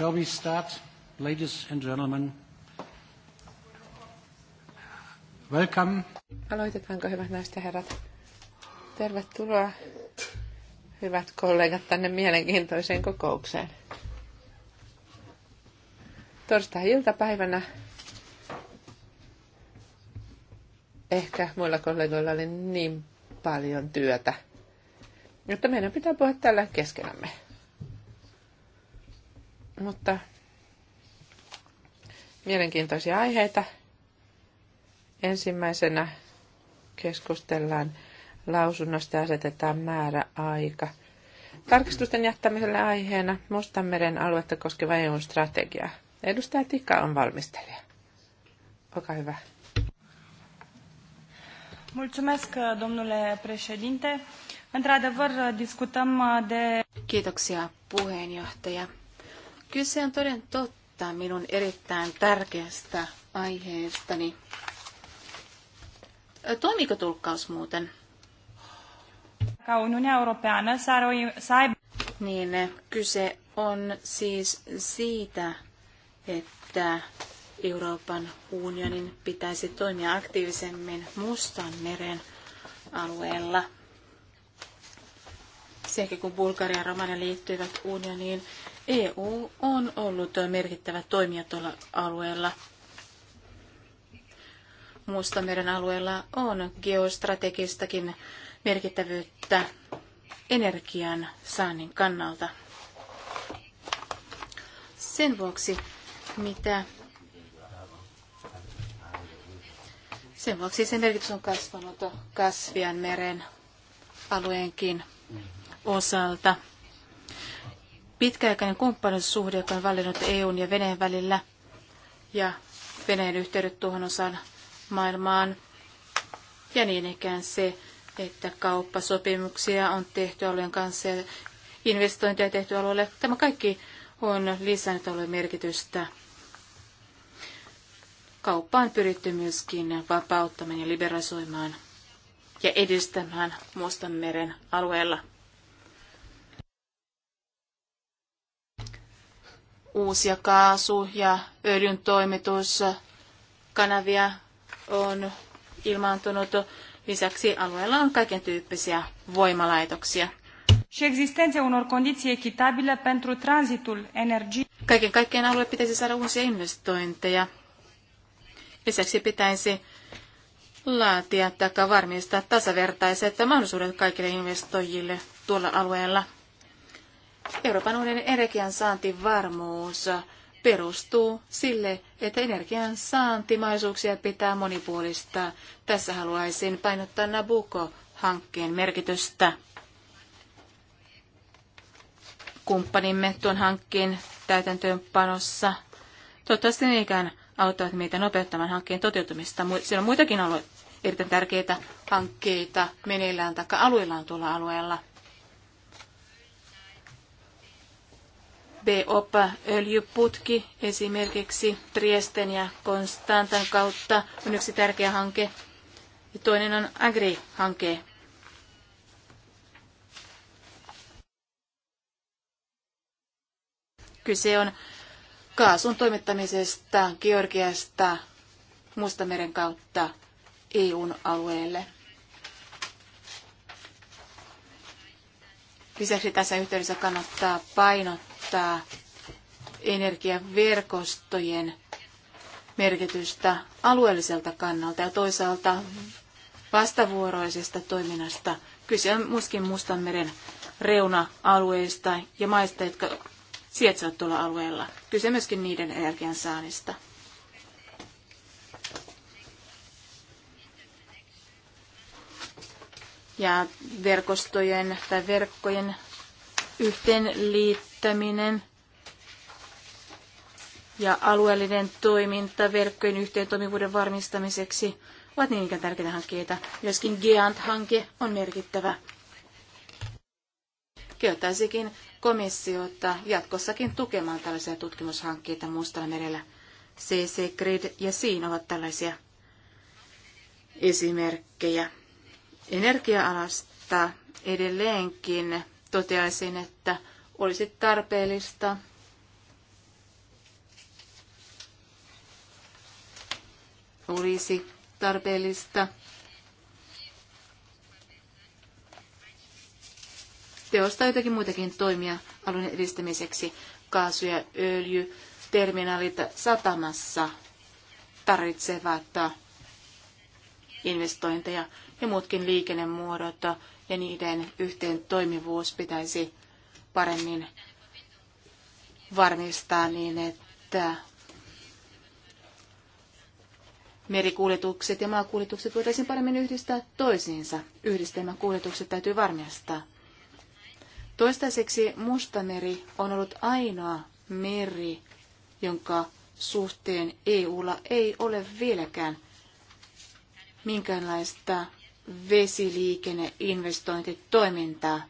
Shall we start, ladies and gentlemen? Welcome. Aloitetaanko hyvät naiset ja herrat? Tervetuloa hyvät kollegat tänne mielenkiintoiseen kokoukseen. Torstai-iltapäivänä ehkä muilla kollegoilla oli niin paljon työtä, että meidän pitää puhua tällä keskenämme. Mutta mielenkiintoisia aiheita. Ensimmäisenä keskustellaan lausunnosta ja asetetaan määräaika. Tarkistusten jättämiselle aiheena Mustanmeren aluetta koskeva EU-strategia. Edustaja Tikka on valmistelija. Olkaa hyvä. Mulțumesc, domnule președinte. Într-adevăr, discutăm de... Kiitoksia, puheenjohtaja. Kyse on toden totta minun erittäin tärkeästä aiheestani. Toimiko tulkkaus muuten? Niin, kyse on siis siitä, että Euroopan unionin pitäisi toimia aktiivisemmin Mustan meren alueella. Sekä kun Bulgaria ja Romania liittyivät unioniin, EU on ollut merkittävä toimija tuolla alueella. Mustameren alueella on geostrategistakin merkittävyyttä energian saannin kannalta. Sen vuoksi, mitä sen vuoksi sen merkitys on kasvanut Kasvian meren alueenkin osalta pitkäaikainen kumppanuussuhde, joka on valinnut EUn ja Venäjän välillä ja Venäjän yhteydet tuohon osaan maailmaan. Ja niin ikään se, että kauppasopimuksia on tehty alueen kanssa ja investointeja tehty alueelle. Tämä kaikki on lisännyt alueen merkitystä. Kauppaan pyritty myöskin vapauttamaan ja liberalisoimaan ja edistämään Mustanmeren alueella. uusia kaasu- ja öljyn toimituskanavia on ilmaantunut. Lisäksi alueella on kaiken tyyppisiä voimalaitoksia. existența unor condiții echitabile pentru energiei. Kaiken kaikkiaan alue pitäisi saada uusia investointeja. Lisäksi pitäisi laatia tai varmistaa tasavertaiset mahdollisuudet kaikille investoijille tuolla alueella. Euroopan unionin energian saantivarmuus perustuu sille, että energian saantimaisuuksia pitää monipuolistaa. Tässä haluaisin painottaa Nabucco-hankkeen merkitystä. Kumppanimme tuon hankkeen täytäntöönpanossa toivottavasti ne ikään auttavat meitä nopeuttamaan hankkeen toteutumista. Siellä on muitakin alue- erittäin tärkeitä hankkeita meneillään tai alueillaan tuolla alueella – BOP-öljyputki esimerkiksi Triesten ja Konstantan kautta on yksi tärkeä hanke. Ja toinen on Agri-hanke. Kyse on kaasun toimittamisesta Georgiasta Mustameren kautta EUn alueelle. Lisäksi tässä yhteydessä kannattaa painottaa, korostaa energiaverkostojen merkitystä alueelliselta kannalta ja toisaalta vastavuoroisesta toiminnasta. Kyse on myöskin Mustanmeren reuna-alueista ja maista, jotka sijaitsevat tuolla alueella. Kyse myöskin niiden energiansaannista. Ja verkostojen tai verkkojen yhteenliittymistä kehittäminen ja alueellinen toiminta verkkojen toimivuuden varmistamiseksi ovat niin ikään tärkeitä hankkeita. Myöskin GEANT-hanke on merkittävä. Kehottaisikin komissiota jatkossakin tukemaan tällaisia tutkimushankkeita Mustalla merellä. CC Grid ja SIIN ovat tällaisia esimerkkejä. Energia-alasta edelleenkin toteaisin, että olisi tarpeellista olisi tarpeellista teostaa jotakin muitakin toimia alun edistämiseksi. Kaasu- ja öljyterminaalit satamassa tarvitsevat investointeja ja muutkin liikennemuodot ja niiden yhteen toimivuus pitäisi paremmin varmistaa niin, että merikuljetukset ja maakuljetukset voitaisiin paremmin yhdistää toisiinsa. Yhdistelmäkuljetukset täytyy varmistaa. Toistaiseksi Mustameri on ollut ainoa meri, jonka suhteen EUlla ei ole vieläkään minkäänlaista vesiliikenneinvestointitoimintaa.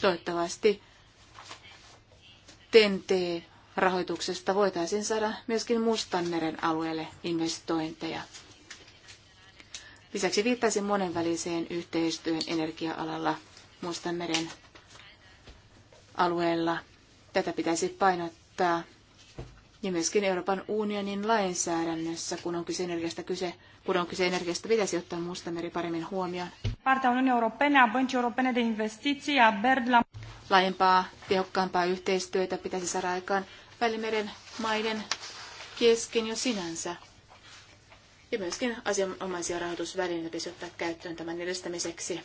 Toivottavasti TEN-T-rahoituksesta voitaisiin saada myöskin Mustanmeren alueelle investointeja. Lisäksi viittaisin monenväliseen yhteistyön energia-alalla Mustanmeren alueella. Tätä pitäisi painottaa ja myöskin Euroopan unionin lainsäädännössä, kun on kyse energiasta kyse, kun on kyse energiasta, pitäisi ottaa meri paremmin huomioon. Partea Unioni Europene ja Băncii Europene de Investiții ja Berdla. Laajempaa, tehokkaampaa yhteistyötä pitäisi saada aikaan Välimeren maiden kesken jo sinänsä. Ja myöskin asianomaisia rahoitusvälineitä pitäisi ottaa käyttöön tämän edistämiseksi.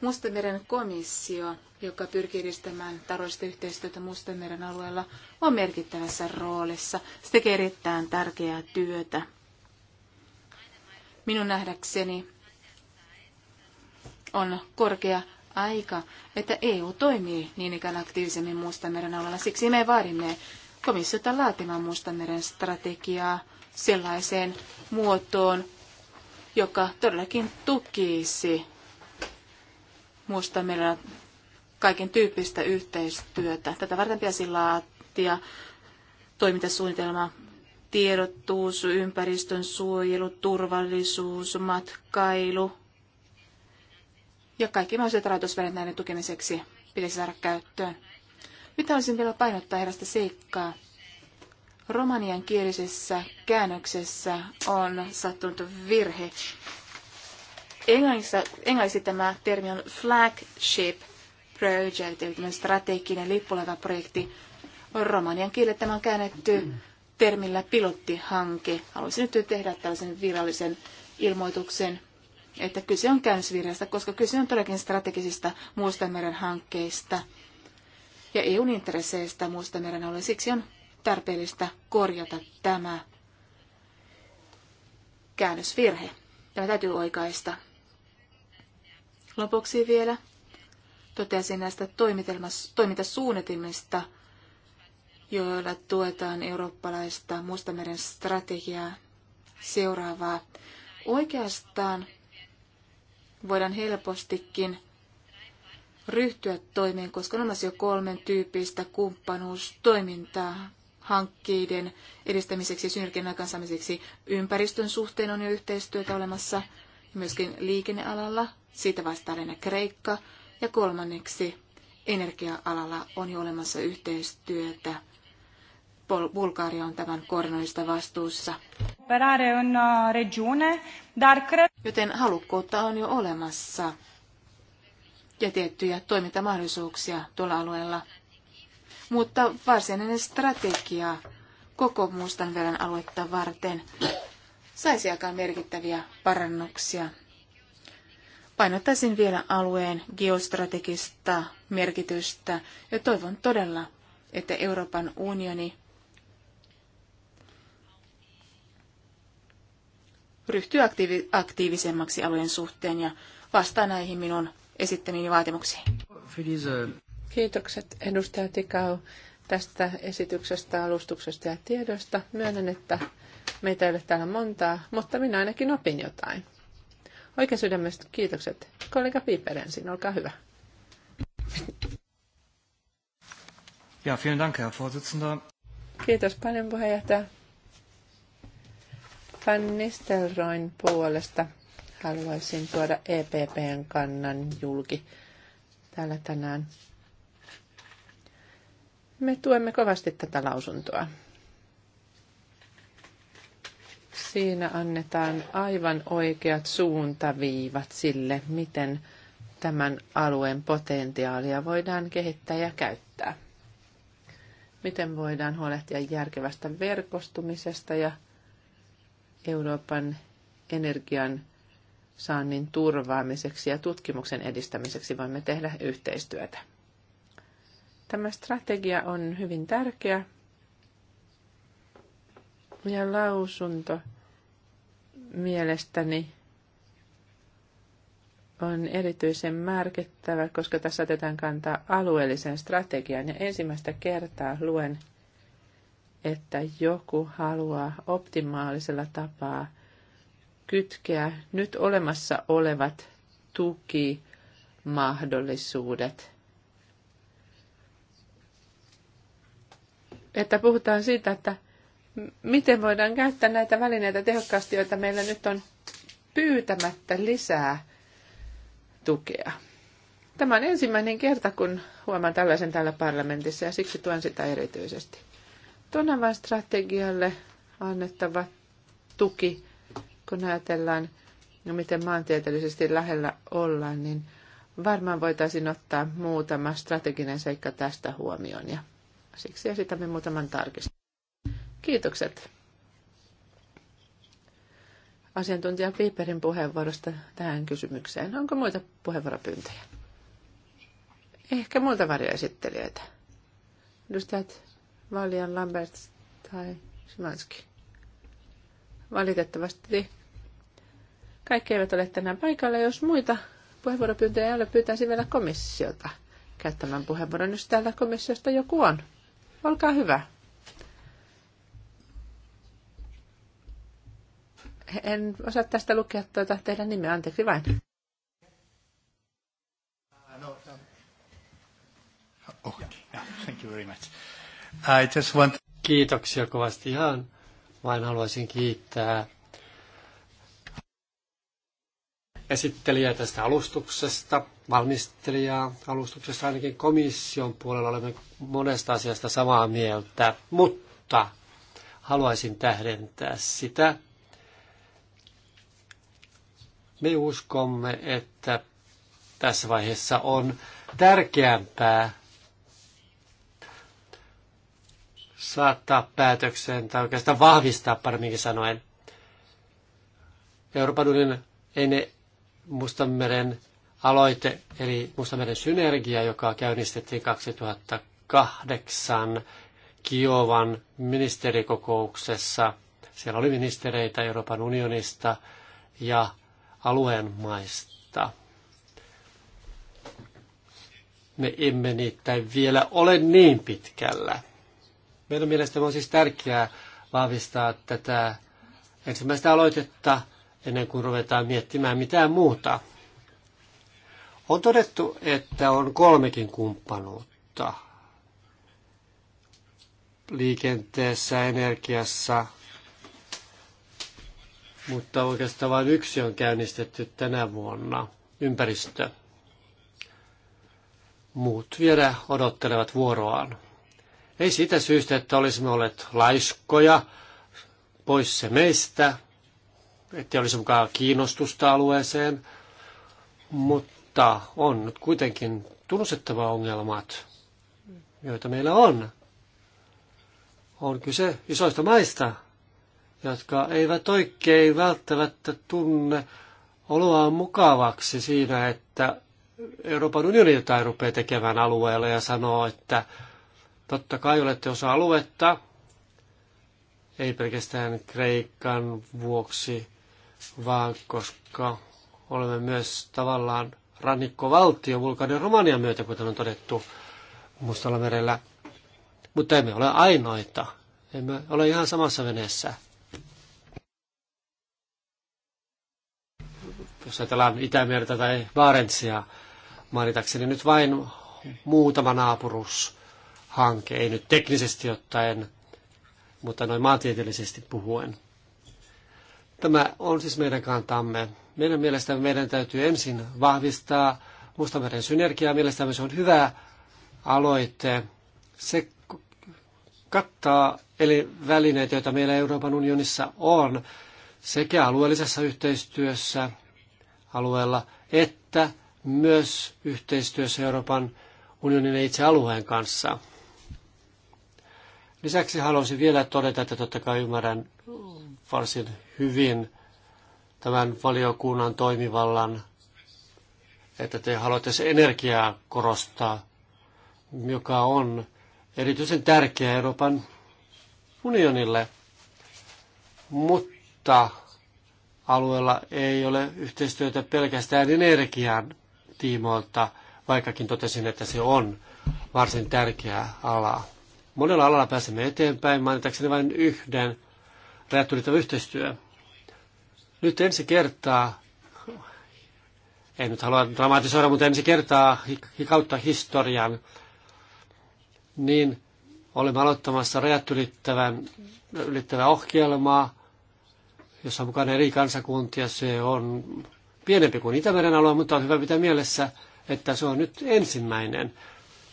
Mustameren komissio, joka pyrkii edistämään taloudellista yhteistyötä Mustameren alueella, on merkittävässä roolissa. Se tekee erittäin tärkeää työtä. Minun nähdäkseni on korkea aika, että EU toimii niin ikään aktiivisemmin Mustameren alueella. Siksi me vaadimme komissiota laatimaan Mustameren strategiaa sellaiseen muotoon, joka todellakin tukisi muistaa meillä kaiken tyyppistä yhteistyötä. Tätä varten pitäisi laatia toimintasuunnitelma, tiedottuus, ympäristön suojelu, turvallisuus, matkailu ja kaikki mahdolliset rahoitusvälineet näiden tukemiseksi pitäisi saada käyttöön. Mitä olisin vielä painottaa erästä seikkaa? Romanian kielisessä käännöksessä on sattunut virhe. Englannissa, englannissa tämä termi on flagship project, eli strateginen lippulaivaprojekti. Romanian kielellä tämä on käännetty termillä pilottihanke. Haluaisin nyt tehdä tällaisen virallisen ilmoituksen, että kyse on käynnisvirjasta, koska kyse on todellakin strategisista Mustanmeren hankkeista ja EUn intresseistä Mustanmeren alueella. Siksi on tarpeellista korjata tämä käännösvirhe. Tämä täytyy oikaista. Lopuksi vielä totesin näistä toimintasuunnitelmista, joilla tuetaan eurooppalaista Mustameren strategiaa seuraavaa. Oikeastaan voidaan helpostikin ryhtyä toimeen, koska on olemassa jo kolmen tyyppistä kumppanuustoimintaa hankkeiden edistämiseksi, synergian aikaansaamiseksi. Ympäristön suhteen on jo yhteistyötä olemassa, myöskin liikennealalla siitä vastaavana Kreikka. Ja kolmanneksi energia-alalla on jo olemassa yhteistyötä. Bulgaria on tämän koordinoista vastuussa. Uh, Joten halukkuutta on jo olemassa ja tiettyjä toimintamahdollisuuksia tuolla alueella. Mutta varsinainen strategia koko veren aluetta varten saisi aikaan merkittäviä parannuksia Painottaisin vielä alueen geostrategista merkitystä ja toivon todella, että Euroopan unioni ryhtyy aktiivi- aktiivisemmaksi alueen suhteen ja vastaa näihin minun esittämiini vaatimuksiin. Kiitokset edustaja Tikau tästä esityksestä, alustuksesta ja tiedosta. Myönnän, että meitä ei ole täällä montaa, mutta minä ainakin opin jotain. Oikein sydämestä kiitokset. Kollega Piperen, sinä olkaa hyvä. Ja, vielen Dank, Herr Vorsitzender. Kiitos paljon puheenjohtaja. Van Nistelroin puolesta haluaisin tuoda EPPn kannan julki täällä tänään. Me tuemme kovasti tätä lausuntoa. Siinä annetaan aivan oikeat suuntaviivat sille, miten tämän alueen potentiaalia voidaan kehittää ja käyttää. Miten voidaan huolehtia järkevästä verkostumisesta ja Euroopan energian saannin turvaamiseksi ja tutkimuksen edistämiseksi voimme tehdä yhteistyötä. Tämä strategia on hyvin tärkeä ja lausunto mielestäni on erityisen merkittävä, koska tässä otetaan kantaa alueelliseen strategiaan. Ja ensimmäistä kertaa luen, että joku haluaa optimaalisella tapaa kytkeä nyt olemassa olevat tukimahdollisuudet. Että puhutaan siitä, että miten voidaan käyttää näitä välineitä tehokkaasti, joita meillä nyt on pyytämättä lisää tukea. Tämä on ensimmäinen kerta, kun huomaan tällaisen täällä parlamentissa ja siksi tuen sitä erityisesti. Tonavan strategialle annettava tuki, kun ajatellaan, no miten maantieteellisesti lähellä ollaan, niin varmaan voitaisiin ottaa muutama strateginen seikka tästä huomioon ja siksi esitämme muutaman tarkistuksen. Kiitokset asiantuntija Piperin puheenvuorosta tähän kysymykseen. Onko muita puheenvuoropyyntöjä? Ehkä muilta varjoesittelijöitä. Edustajat Valian, Lambert tai Simanski. Valitettavasti kaikki eivät ole tänään paikalla. Jos muita puheenvuoropyyntöjä ei ole, pyytäisin vielä komissiota käyttämään puheenvuoron, jos täällä komissiosta joku on. Olkaa hyvä. en osaa tästä lukea tuota teidän nimeä, anteeksi vain. Thank you very much. I just want... Kiitoksia kovasti ihan. Vain haluaisin kiittää esittelijää tästä alustuksesta, valmistelijaa alustuksesta. Ainakin komission puolella olemme monesta asiasta samaa mieltä, mutta haluaisin tähdentää sitä, me uskomme, että tässä vaiheessa on tärkeämpää saattaa päätökseen, tai oikeastaan vahvistaa paremminkin sanoen, Euroopan unionin ene Mustanmeren aloite, eli Mustanmeren synergia, joka käynnistettiin 2008 Kiovan ministerikokouksessa. Siellä oli ministereitä Euroopan unionista ja alueen maista. Me emme niitä vielä ole niin pitkällä. Meidän mielestämme on siis tärkeää vahvistaa tätä ensimmäistä aloitetta ennen kuin ruvetaan miettimään mitään muuta. On todettu, että on kolmekin kumppanuutta liikenteessä, energiassa mutta oikeastaan vain yksi on käynnistetty tänä vuonna, ympäristö. Muut vielä odottelevat vuoroaan. Ei sitä syystä, että olisimme olleet laiskoja, pois se meistä, ettei olisi mukaan kiinnostusta alueeseen, mutta on nyt kuitenkin tunnustettava ongelmat, joita meillä on. On kyse isoista maista, jotka eivät oikein välttämättä tunne oloaan mukavaksi siinä, että Euroopan unioni jotain rupeaa tekemään alueella ja sanoo, että totta kai olette osa aluetta, ei pelkästään Kreikan vuoksi, vaan koska olemme myös tavallaan rannikkovaltio Bulgarian ja Romanian myötä, kuten on todettu Mustalla merellä. Mutta emme ole ainoita. Emme ole ihan samassa veneessä. jos ajatellaan Itämerta tai Barentsia mainitakseni, nyt vain muutama naapurushanke, ei nyt teknisesti ottaen, mutta noin maantieteellisesti puhuen. Tämä on siis meidän kantamme. Meidän mielestämme meidän täytyy ensin vahvistaa Mustameren synergiaa. Mielestämme se on hyvä aloite. Se kattaa eli välineitä, joita meillä Euroopan unionissa on, sekä alueellisessa yhteistyössä alueella että myös yhteistyössä Euroopan unionin ja itse alueen kanssa. Lisäksi haluaisin vielä todeta, että totta kai ymmärrän varsin hyvin tämän valiokunnan toimivallan, että te haluatte se energiaa korostaa, joka on erityisen tärkeä Euroopan unionille. Mutta alueella ei ole yhteistyötä pelkästään energian tiimoilta, vaikkakin totesin, että se on varsin tärkeä ala. Monella alalla pääsemme eteenpäin, mainitakseni vain yhden räättylittävä yhteistyö. Nyt ensi kertaa, en nyt halua dramatisoida, mutta ensi kertaa kautta historian, niin olemme aloittamassa rajat ylittävän, ylittävää ohjelmaa, jossa on mukana eri kansakuntia. Se on pienempi kuin Itämeren alue, mutta on hyvä pitää mielessä, että se on nyt ensimmäinen.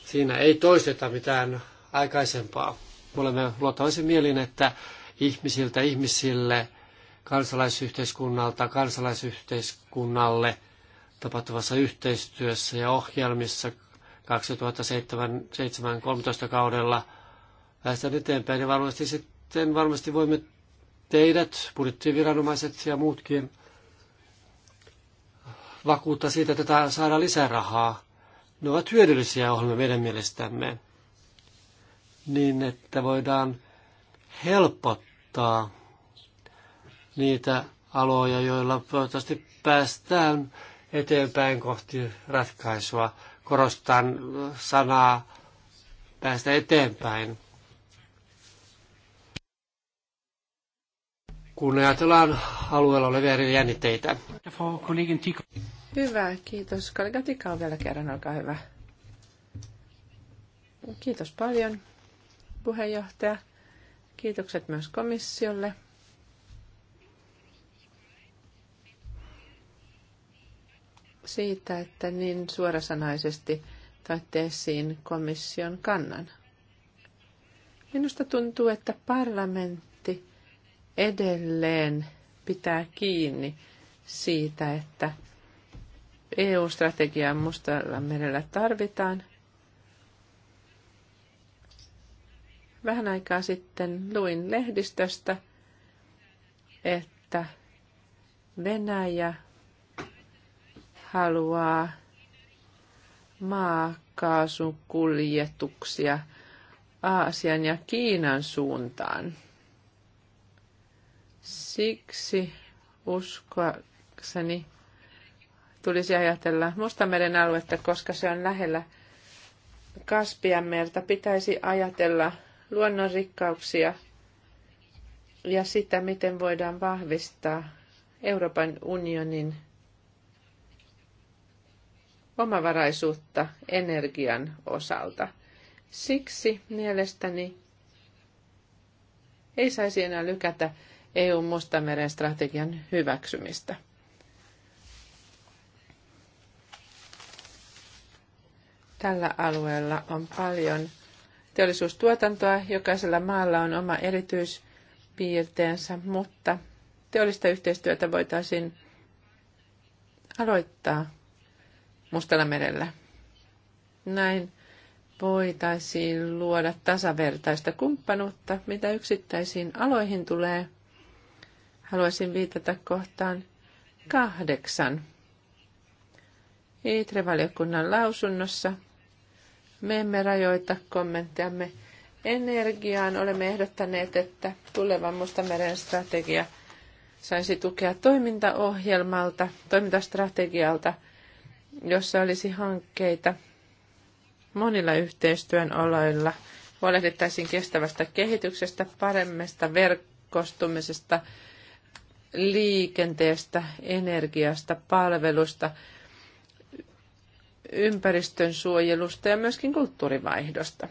Siinä ei toisteta mitään aikaisempaa. Me olemme luottavaisen mielin, että ihmisiltä ihmisille, kansalaisyhteiskunnalta kansalaisyhteiskunnalle tapahtuvassa yhteistyössä ja ohjelmissa 2007-2013 kaudella päästään eteenpäin ja varmasti sitten varmasti voimme teidät, budjettiviranomaiset ja muutkin, vakuutta siitä, että tämä saadaan lisää rahaa. Ne ovat hyödyllisiä ohjelmia meidän mielestämme, niin että voidaan helpottaa niitä aloja, joilla toivottavasti päästään eteenpäin kohti ratkaisua. Korostan sanaa päästä eteenpäin. kun ajatellaan alueella olevia eri jännitteitä. Hyvä, kiitos. Kollega Tika vielä kerran, olkaa hyvä. Kiitos paljon, puheenjohtaja. Kiitokset myös komissiolle. siitä, että niin suorasanaisesti taitte esiin komission kannan. Minusta tuntuu, että parlamentti edelleen pitää kiinni siitä, että EU-strategiaa Mustalla merellä tarvitaan. Vähän aikaa sitten luin lehdistöstä, että Venäjä haluaa maakaasukuljetuksia Aasian ja Kiinan suuntaan. Siksi uskoakseni tulisi ajatella Mustameren aluetta, koska se on lähellä Kaspianmerta. Pitäisi ajatella luonnonrikkauksia ja sitä, miten voidaan vahvistaa Euroopan unionin omavaraisuutta energian osalta. Siksi mielestäni ei saisi enää lykätä EU-Mustameren strategian hyväksymistä. Tällä alueella on paljon teollisuustuotantoa. Jokaisella maalla on oma erityispiirteensä, mutta teollista yhteistyötä voitaisiin aloittaa Mustalla merellä. Näin voitaisiin luoda tasavertaista kumppanuutta, mitä yksittäisiin aloihin tulee, haluaisin viitata kohtaan kahdeksan. ITRE-valiokunnan lausunnossa me emme rajoita kommenttiamme energiaan. Olemme ehdottaneet, että tulevan Mustameren strategia saisi tukea toimintaohjelmalta, toimintastrategialta, jossa olisi hankkeita monilla yhteistyön oloilla. Huolehdittaisiin kestävästä kehityksestä, paremmasta verkostumisesta, liikenteestä, energiasta, palvelusta, ympäristön suojelusta ja myöskin kulttuurivaihdosta.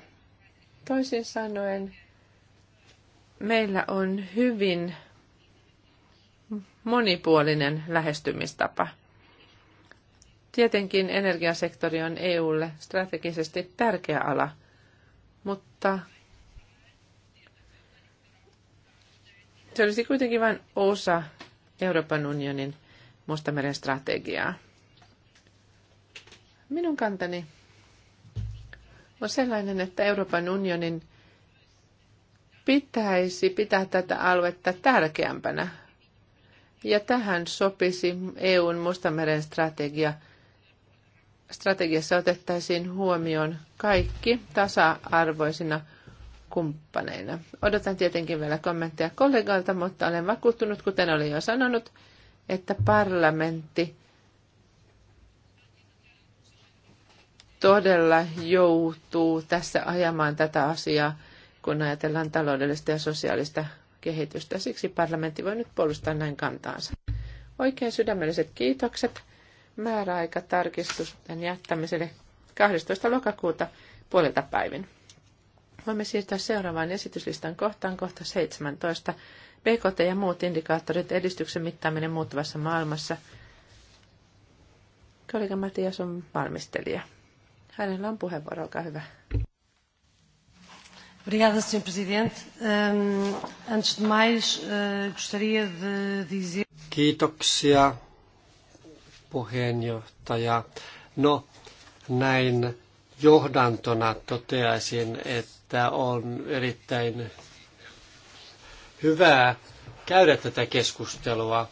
Toisin sanoen, meillä on hyvin monipuolinen lähestymistapa. Tietenkin energiasektori on EUlle strategisesti tärkeä ala, mutta Se olisi kuitenkin vain osa Euroopan unionin Mustameren strategiaa. Minun kantani on sellainen, että Euroopan unionin pitäisi pitää tätä aluetta tärkeämpänä. Ja tähän sopisi EUn Mustameren strategia. Strategiassa otettaisiin huomioon kaikki tasa-arvoisina – kumppaneina. Odotan tietenkin vielä kommentteja kollegalta, mutta olen vakuuttunut, kuten olin jo sanonut, että parlamentti todella joutuu tässä ajamaan tätä asiaa, kun ajatellaan taloudellista ja sosiaalista kehitystä. Siksi parlamentti voi nyt puolustaa näin kantaansa. Oikein sydämelliset kiitokset. Määräaika tarkistusten jättämiselle 12. lokakuuta puolelta päivin voimme siirtyä seuraavaan esityslistan kohtaan, kohta 17. BKT ja muut indikaattorit, edistyksen mittaaminen muuttuvassa maailmassa. Kollega Matias on valmistelija. Hänellä on puheenvuoro, olkaa hyvä. Obrigada, Sr. Presidente. Um, antes de mais, uh, gostaria de dizer... Kiitoksia, puheenjohtaja. No, näin johdantona toteaisin, että on erittäin hyvää käydä tätä keskustelua.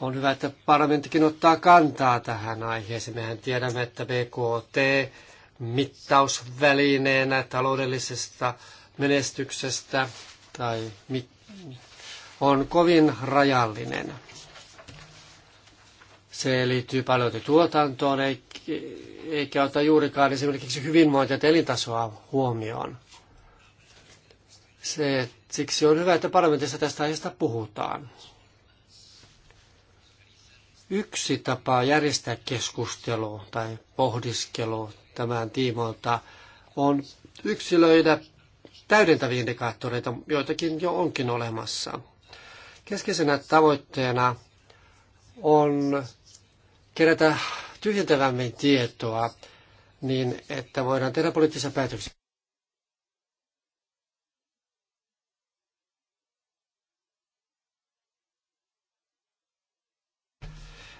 On hyvä, että parlamenttikin ottaa kantaa tähän aiheeseen. Mehän tiedämme, että BKT mittausvälineenä taloudellisesta menestyksestä tai mit- on kovin rajallinen. Se liittyy paljon tuotantoon eikä ota juurikaan esimerkiksi hyvinvointia ja elintasoa huomioon. Se, siksi on hyvä, että parlamentissa tästä aiheesta puhutaan. Yksi tapa järjestää keskustelu tai pohdiskelu tämän tiimoilta on yksilöidä täydentäviä indikaattoreita, joitakin jo onkin olemassa. Keskeisenä tavoitteena on kerätä tyhjentävämmin tietoa niin, että voidaan tehdä poliittisia päätöksiä.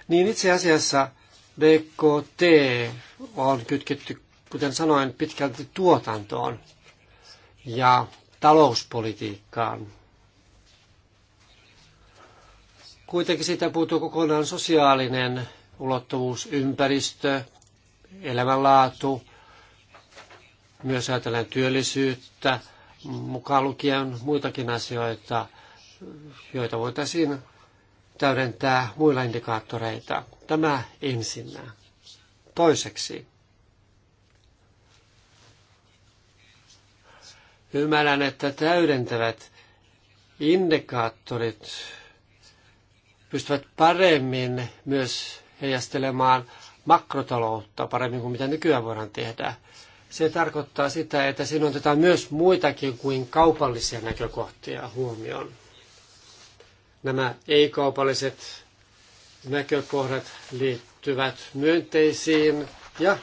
Niin itse asiassa BKT on kytketty, kuten sanoin, pitkälti tuotantoon ja talouspolitiikkaan. Kuitenkin siitä puuttuu kokonaan sosiaalinen ulottuvuus, ympäristö, elämänlaatu, myös ajatellaan työllisyyttä, mukaan lukien muitakin asioita, joita voitaisiin täydentää muilla indikaattoreita. Tämä ensinnä. Toiseksi. Ymmärrän, että täydentävät indikaattorit pystyvät paremmin myös heijastelemaan makrotaloutta paremmin kuin mitä nykyään voidaan tehdä. Se tarkoittaa sitä, että siinä otetaan myös muitakin kuin kaupallisia näkökohtia huomioon. Nämä ei-kaupalliset näkökohdat liittyvät myönteisiin ja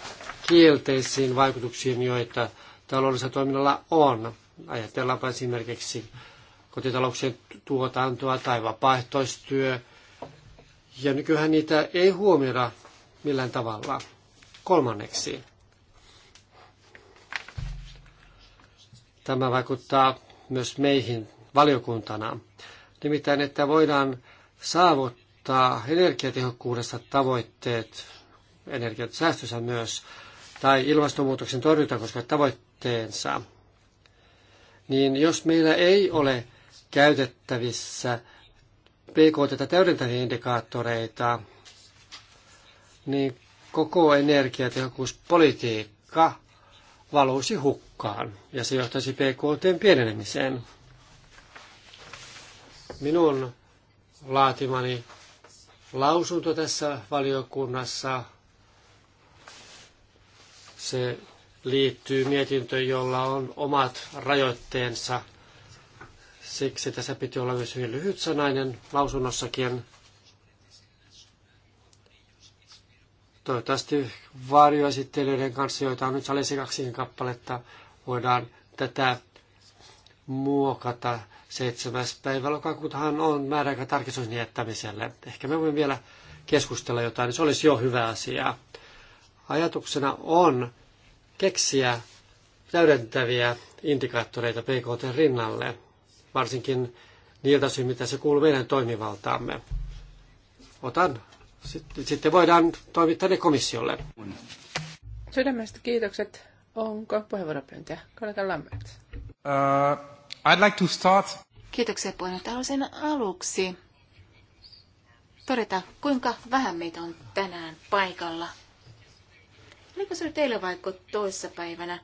kielteisiin vaikutuksiin, joita taloudellisella toiminnalla on. Ajatellaanpa esimerkiksi kotitalouksien tuotantoa tai vapaaehtoistyö, ja nykyään niitä ei huomioida millään tavalla. Kolmanneksi. Tämä vaikuttaa myös meihin valiokuntana. Nimittäin, että voidaan saavuttaa energiatehokkuudessa tavoitteet, energiasäästössä myös, tai ilmastonmuutoksen torjunta koska tavoitteensa. Niin jos meillä ei ole käytettävissä PKT täydentäviä indikaattoreita, niin koko energiatehokkuuspolitiikka valuisi hukkaan ja se johtaisi PKT pienenemiseen. Minun laatimani lausunto tässä valiokunnassa, se liittyy mietintöön, jolla on omat rajoitteensa – Siksi tässä piti olla myös hyvin lyhyt sanainen lausunnossakin. Toivottavasti varjoesittelijöiden kanssa, joita on nyt salissa kaksi kappaletta, voidaan tätä muokata. 7. päivä lokakuutahan on määräaika tarkistuksen jättämiselle. Ehkä me voimme vielä keskustella jotain, niin se olisi jo hyvä asia. Ajatuksena on keksiä täydentäviä indikaattoreita PKT rinnalle varsinkin niiltä syy, mitä se kuuluu meidän toimivaltaamme. Otan. Sitten voidaan toimittaa ne komissiolle. Sydämestä kiitokset. Onko puheenvuoropyyntöjä? Kollega Lambert. Uh, I'd like to start. Kiitoksia puheenjohtaja. Haluaisin aluksi todeta, kuinka vähän meitä on tänään paikalla. Oliko se teille vaikka toissapäivänä?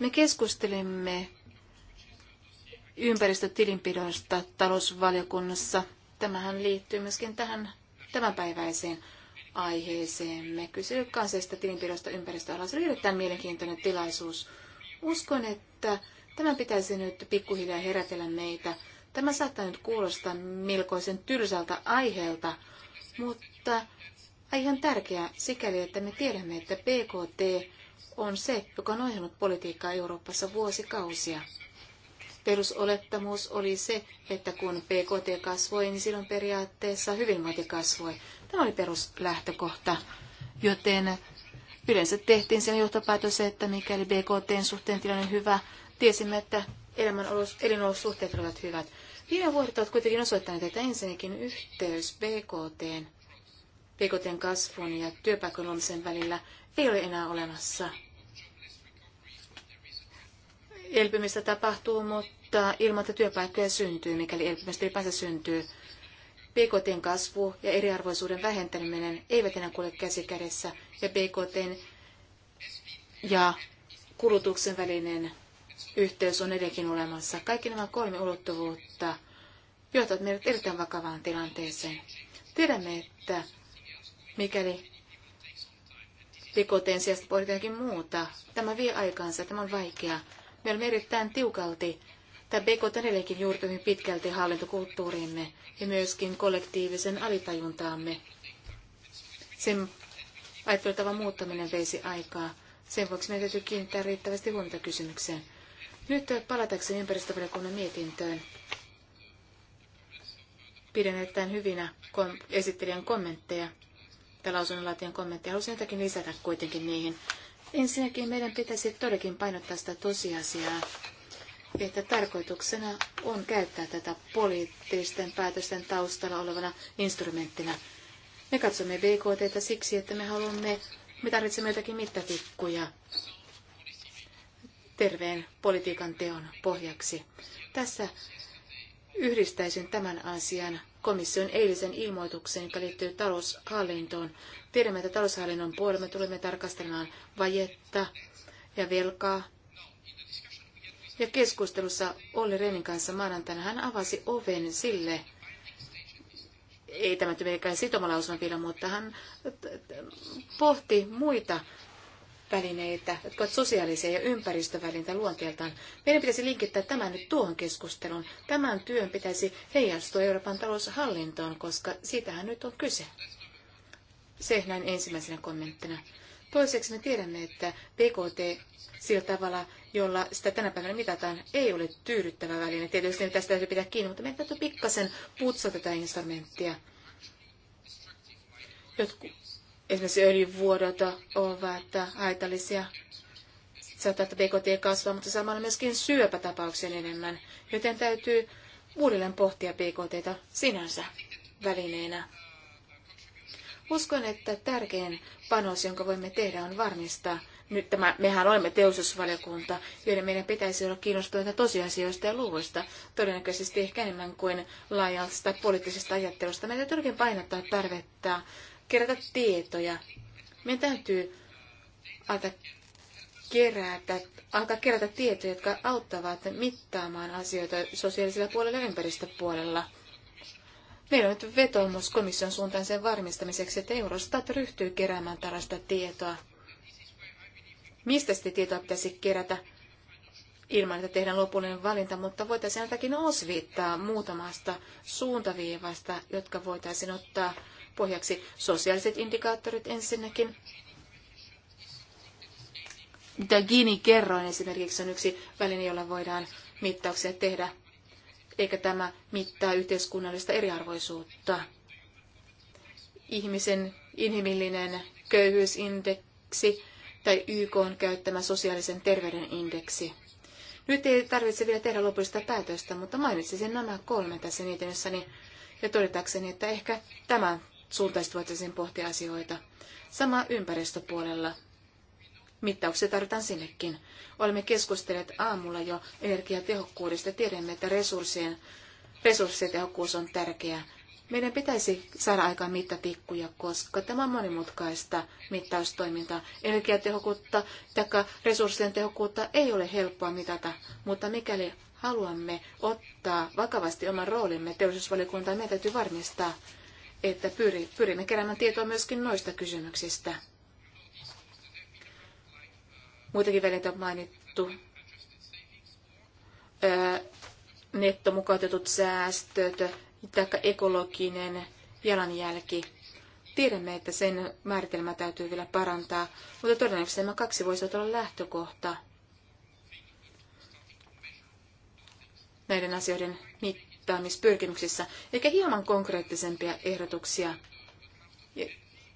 Me keskustelimme ympäristötilinpidosta talousvaliokunnassa. Tämähän liittyy myöskin tähän tämänpäiväiseen aiheeseemme. Kysyy kansallisesta tilinpidosta ympäristöalalla. Se oli erittäin mielenkiintoinen tilaisuus. Uskon, että tämän pitäisi nyt pikkuhiljaa herätellä meitä. Tämä saattaa nyt kuulostaa melkoisen tylsältä aiheelta, mutta aihe on tärkeä sikäli, että me tiedämme, että BKT on se, joka on ohjannut politiikkaa Euroopassa vuosikausia. Perusolettamus oli se, että kun PKT kasvoi, niin silloin periaatteessa hyvinvointi kasvoi. Tämä oli peruslähtökohta, joten yleensä tehtiin sen johtopäätös, että mikäli BKTn suhteen tilanne on hyvä, tiesimme, että elinolosuhteet olivat hyvät. Viime vuodet ovat kuitenkin osoittaneet, että ensinnäkin yhteys BKTn, BKTn kasvun ja työpaikan luomisen välillä ei ole enää olemassa elpymistä tapahtuu, mutta ilman, että työpaikkoja syntyy, mikäli elpymistä ylipäänsä syntyy. BKTn kasvu ja eriarvoisuuden vähentäminen eivät enää kuule käsi kädessä, ja BKTn ja kulutuksen välinen yhteys on edelleenkin olemassa. Kaikki nämä kolme ulottuvuutta johtavat meidät erittäin vakavaan tilanteeseen. Tiedämme, että mikäli BKTn sijasta pohditaankin muuta, tämä vie aikaansa, tämä on vaikeaa. Meillä olemme erittäin tiukalti, tämä BKT edelleenkin juurtuu hyvin pitkälti hallintokulttuuriimme ja myöskin kollektiivisen alitajuntaamme. Sen ajattelutavan muuttaminen veisi aikaa. Sen vuoksi meidän täytyy kiinnittää riittävästi huomiota kysymykseen. Nyt palatakseni ympäristövaliokunnan mietintöön. Pidän erittäin hyvinä kom- esittelijän kommentteja tai lausunnonlaatijan kommentteja. Haluaisin jotakin lisätä kuitenkin niihin. Ensinnäkin meidän pitäisi todellakin painottaa sitä tosiasiaa, että tarkoituksena on käyttää tätä poliittisten päätösten taustalla olevana instrumenttina. Me katsomme BKT siksi, että me haluamme, me tarvitsemme jotakin mittatikkuja terveen politiikan teon pohjaksi. Tässä yhdistäisin tämän asian komission eilisen ilmoituksen, joka liittyy taloushallintoon. Tiedämme, että taloushallinnon puolella me tulemme tarkastelemaan vajetta ja velkaa. Ja keskustelussa Olli Renin kanssa maanantaina hän avasi oven sille, ei tämä mikään sitomalausunut vielä, mutta hän pohti muita välineitä, jotka ovat sosiaalisia ja ympäristövälineitä luonteeltaan. Meidän pitäisi linkittää tämän nyt tuohon keskusteluun. Tämän työn pitäisi heijastua Euroopan taloushallintoon, koska siitähän nyt on kyse. Se näin ensimmäisenä kommenttina. Toiseksi me tiedämme, että PKT sillä tavalla, jolla sitä tänä päivänä mitataan, ei ole tyydyttävä väline. Tietysti tästä täytyy pitää kiinni, mutta meidän täytyy pikkasen putsata tätä instrumenttia. Jotkut esimerkiksi öljyvuodot ovat haitallisia. Saattaa, että BKT kasvaa, mutta samalla myöskin syöpätapauksen enemmän, joten täytyy uudelleen pohtia BKT sinänsä välineenä. Uskon, että tärkein panos, jonka voimme tehdä, on varmistaa, nyt tämä, mehän olemme teollisuusvaliokunta, joiden meidän pitäisi olla kiinnostuneita tosiasioista ja luvuista, todennäköisesti ehkä enemmän kuin laajalta poliittisesta ajattelusta. Meidän täytyy painottaa tarvetta kerätä tietoja. Meidän täytyy alkaa kerätä, alkaa kerätä tietoja, jotka auttavat mittaamaan asioita sosiaalisella puolella ja ympäristöpuolella. Meillä on nyt vetoomus komission suuntaan sen varmistamiseksi, että Eurostat ryhtyy keräämään tällaista tietoa. Mistä sitä tietoa pitäisi kerätä ilman, että tehdään lopullinen valinta, mutta voitaisiin jotakin osviittaa muutamasta suuntaviivasta, jotka voitaisiin ottaa pohjaksi sosiaaliset indikaattorit ensinnäkin. gini kerroin esimerkiksi on yksi väline, jolla voidaan mittauksia tehdä, eikä tämä mittaa yhteiskunnallista eriarvoisuutta. Ihmisen inhimillinen köyhyysindeksi tai YK on käyttämä sosiaalisen terveyden indeksi. Nyt ei tarvitse vielä tehdä lopullista päätöstä, mutta mainitsisin nämä kolme tässä mietinnössäni ja todetakseni, että ehkä tämä suuntaisesti voitaisiin pohtia asioita. Sama ympäristöpuolella. Mittauksia tarvitaan sinnekin. Olemme keskustelleet aamulla jo energiatehokkuudesta. Tiedämme, että resurssien, resurssitehokkuus on tärkeää. Meidän pitäisi saada aikaan mittatikkuja, koska tämä on monimutkaista mittaustoimintaa. Energiatehokkuutta tai resurssien tehokkuutta ei ole helppoa mitata, mutta mikäli haluamme ottaa vakavasti oman roolimme teollisuusvaliokuntaan, meidän täytyy varmistaa, että pyrimme keräämään tietoa myöskin noista kysymyksistä. Muitakin välineitä on mainittu. Nettomukautetut säästöt taikka ekologinen jalanjälki. Tiedämme, että sen määritelmä täytyy vielä parantaa, mutta todennäköisesti nämä kaksi voisivat olla lähtökohta näiden asioiden mit- saavuttamispyrkimyksissä, eikä hieman konkreettisempia ehdotuksia. Ja,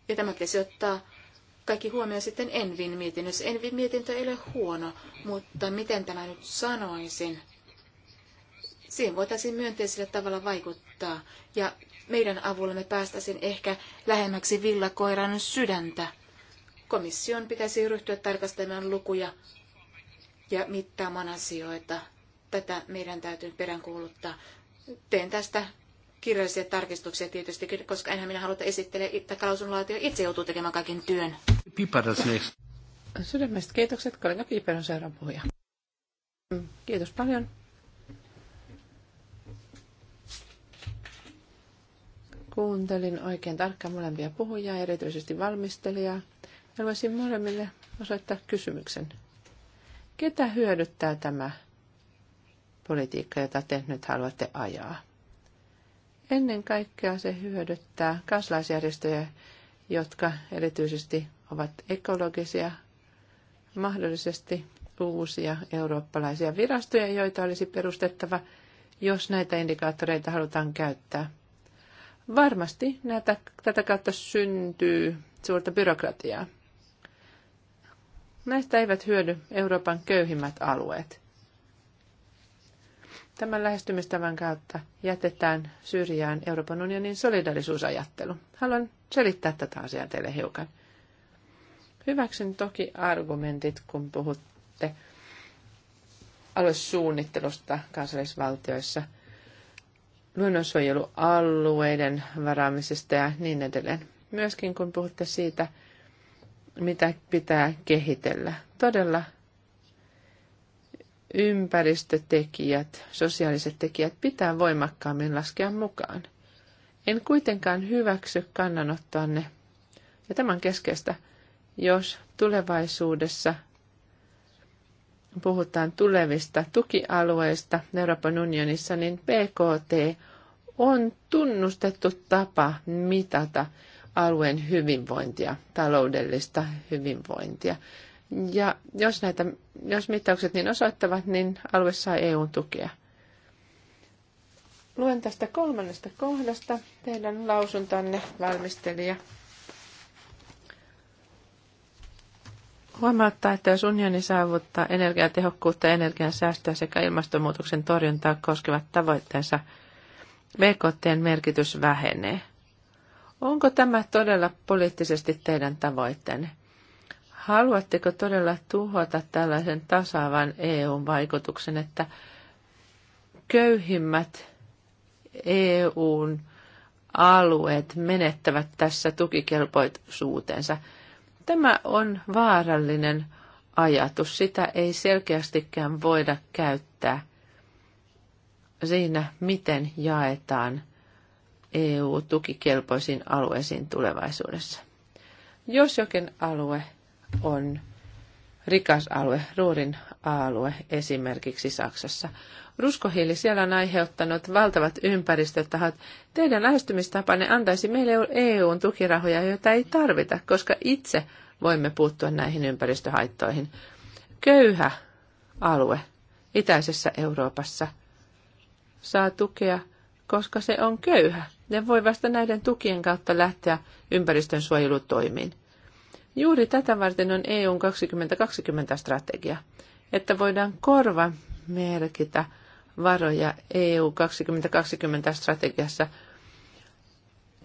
ja tämä pitäisi ottaa kaikki huomioon sitten Envin mietinnössä. Envin mietintö ei ole huono, mutta miten tämä nyt sanoisin? Siihen voitaisiin myönteisellä tavalla vaikuttaa, ja meidän avulla me päästäisiin ehkä lähemmäksi villakoiran sydäntä. Komission pitäisi ryhtyä tarkastelemaan lukuja ja mittaamaan asioita. Tätä meidän täytyy peräänkuuluttaa teen tästä kirjallisia tarkistuksia tietysti, koska enhän minä haluta esittelee, että lausunnonlaatio itse joutuu tekemään kaiken työn. Piparas next. Sydämestä kiitokset. Kollega Piiper on puhuja. Mm, kiitos paljon. Kuuntelin oikein tarkkaan molempia puhujia, erityisesti valmistelijaa. Haluaisin molemmille osoittaa kysymyksen. Ketä hyödyttää tämä politiikka, jota te nyt haluatte ajaa. Ennen kaikkea se hyödyttää kansalaisjärjestöjä, jotka erityisesti ovat ekologisia, mahdollisesti uusia eurooppalaisia virastoja, joita olisi perustettava, jos näitä indikaattoreita halutaan käyttää. Varmasti näitä, tätä kautta syntyy suurta byrokratiaa. Näistä eivät hyödy Euroopan köyhimmät alueet. Tämän lähestymistavan kautta jätetään syrjään Euroopan unionin solidarisuusajattelu. Haluan selittää tätä asiaa teille hiukan. Hyväksyn toki argumentit, kun puhutte aluesuunnittelusta kansallisvaltioissa, luonnonsuojelualueiden varaamisesta ja niin edelleen. Myöskin kun puhutte siitä, mitä pitää kehitellä. Todella ympäristötekijät, sosiaaliset tekijät pitää voimakkaammin laskea mukaan. En kuitenkaan hyväksy kannanottoanne, ja tämän keskeistä, jos tulevaisuudessa puhutaan tulevista tukialueista Euroopan unionissa, niin PKT on tunnustettu tapa mitata alueen hyvinvointia, taloudellista hyvinvointia. Ja jos, näitä, jos mittaukset niin osoittavat, niin alue saa EUn tukea. Luen tästä kolmannesta kohdasta teidän lausuntanne, valmistelija. Huomauttaa, että jos unioni saavuttaa energiatehokkuutta, energian säästöä sekä ilmastonmuutoksen torjuntaa koskevat tavoitteensa, BKTn merkitys vähenee. Onko tämä todella poliittisesti teidän tavoitteenne? Haluatteko todella tuhota tällaisen tasaavan EU-vaikutuksen, että köyhimmät EUn alueet menettävät tässä tukikelpoisuutensa? Tämä on vaarallinen ajatus. Sitä ei selkeästikään voida käyttää siinä, miten jaetaan EU-tukikelpoisiin alueisiin tulevaisuudessa. Jos jokin alue on rikas alue, Ruurin alue esimerkiksi Saksassa. Ruskohiili siellä on aiheuttanut valtavat ympäristötahat. Teidän lähestymistapanne antaisi meille EUn tukirahoja, joita ei tarvita, koska itse voimme puuttua näihin ympäristöhaittoihin. Köyhä alue itäisessä Euroopassa saa tukea, koska se on köyhä ne voi vasta näiden tukien kautta lähteä ympäristönsuojelutoimiin. Juuri tätä varten on EUn 2020-strategia, että voidaan korva merkitä varoja EU 2020-strategiassa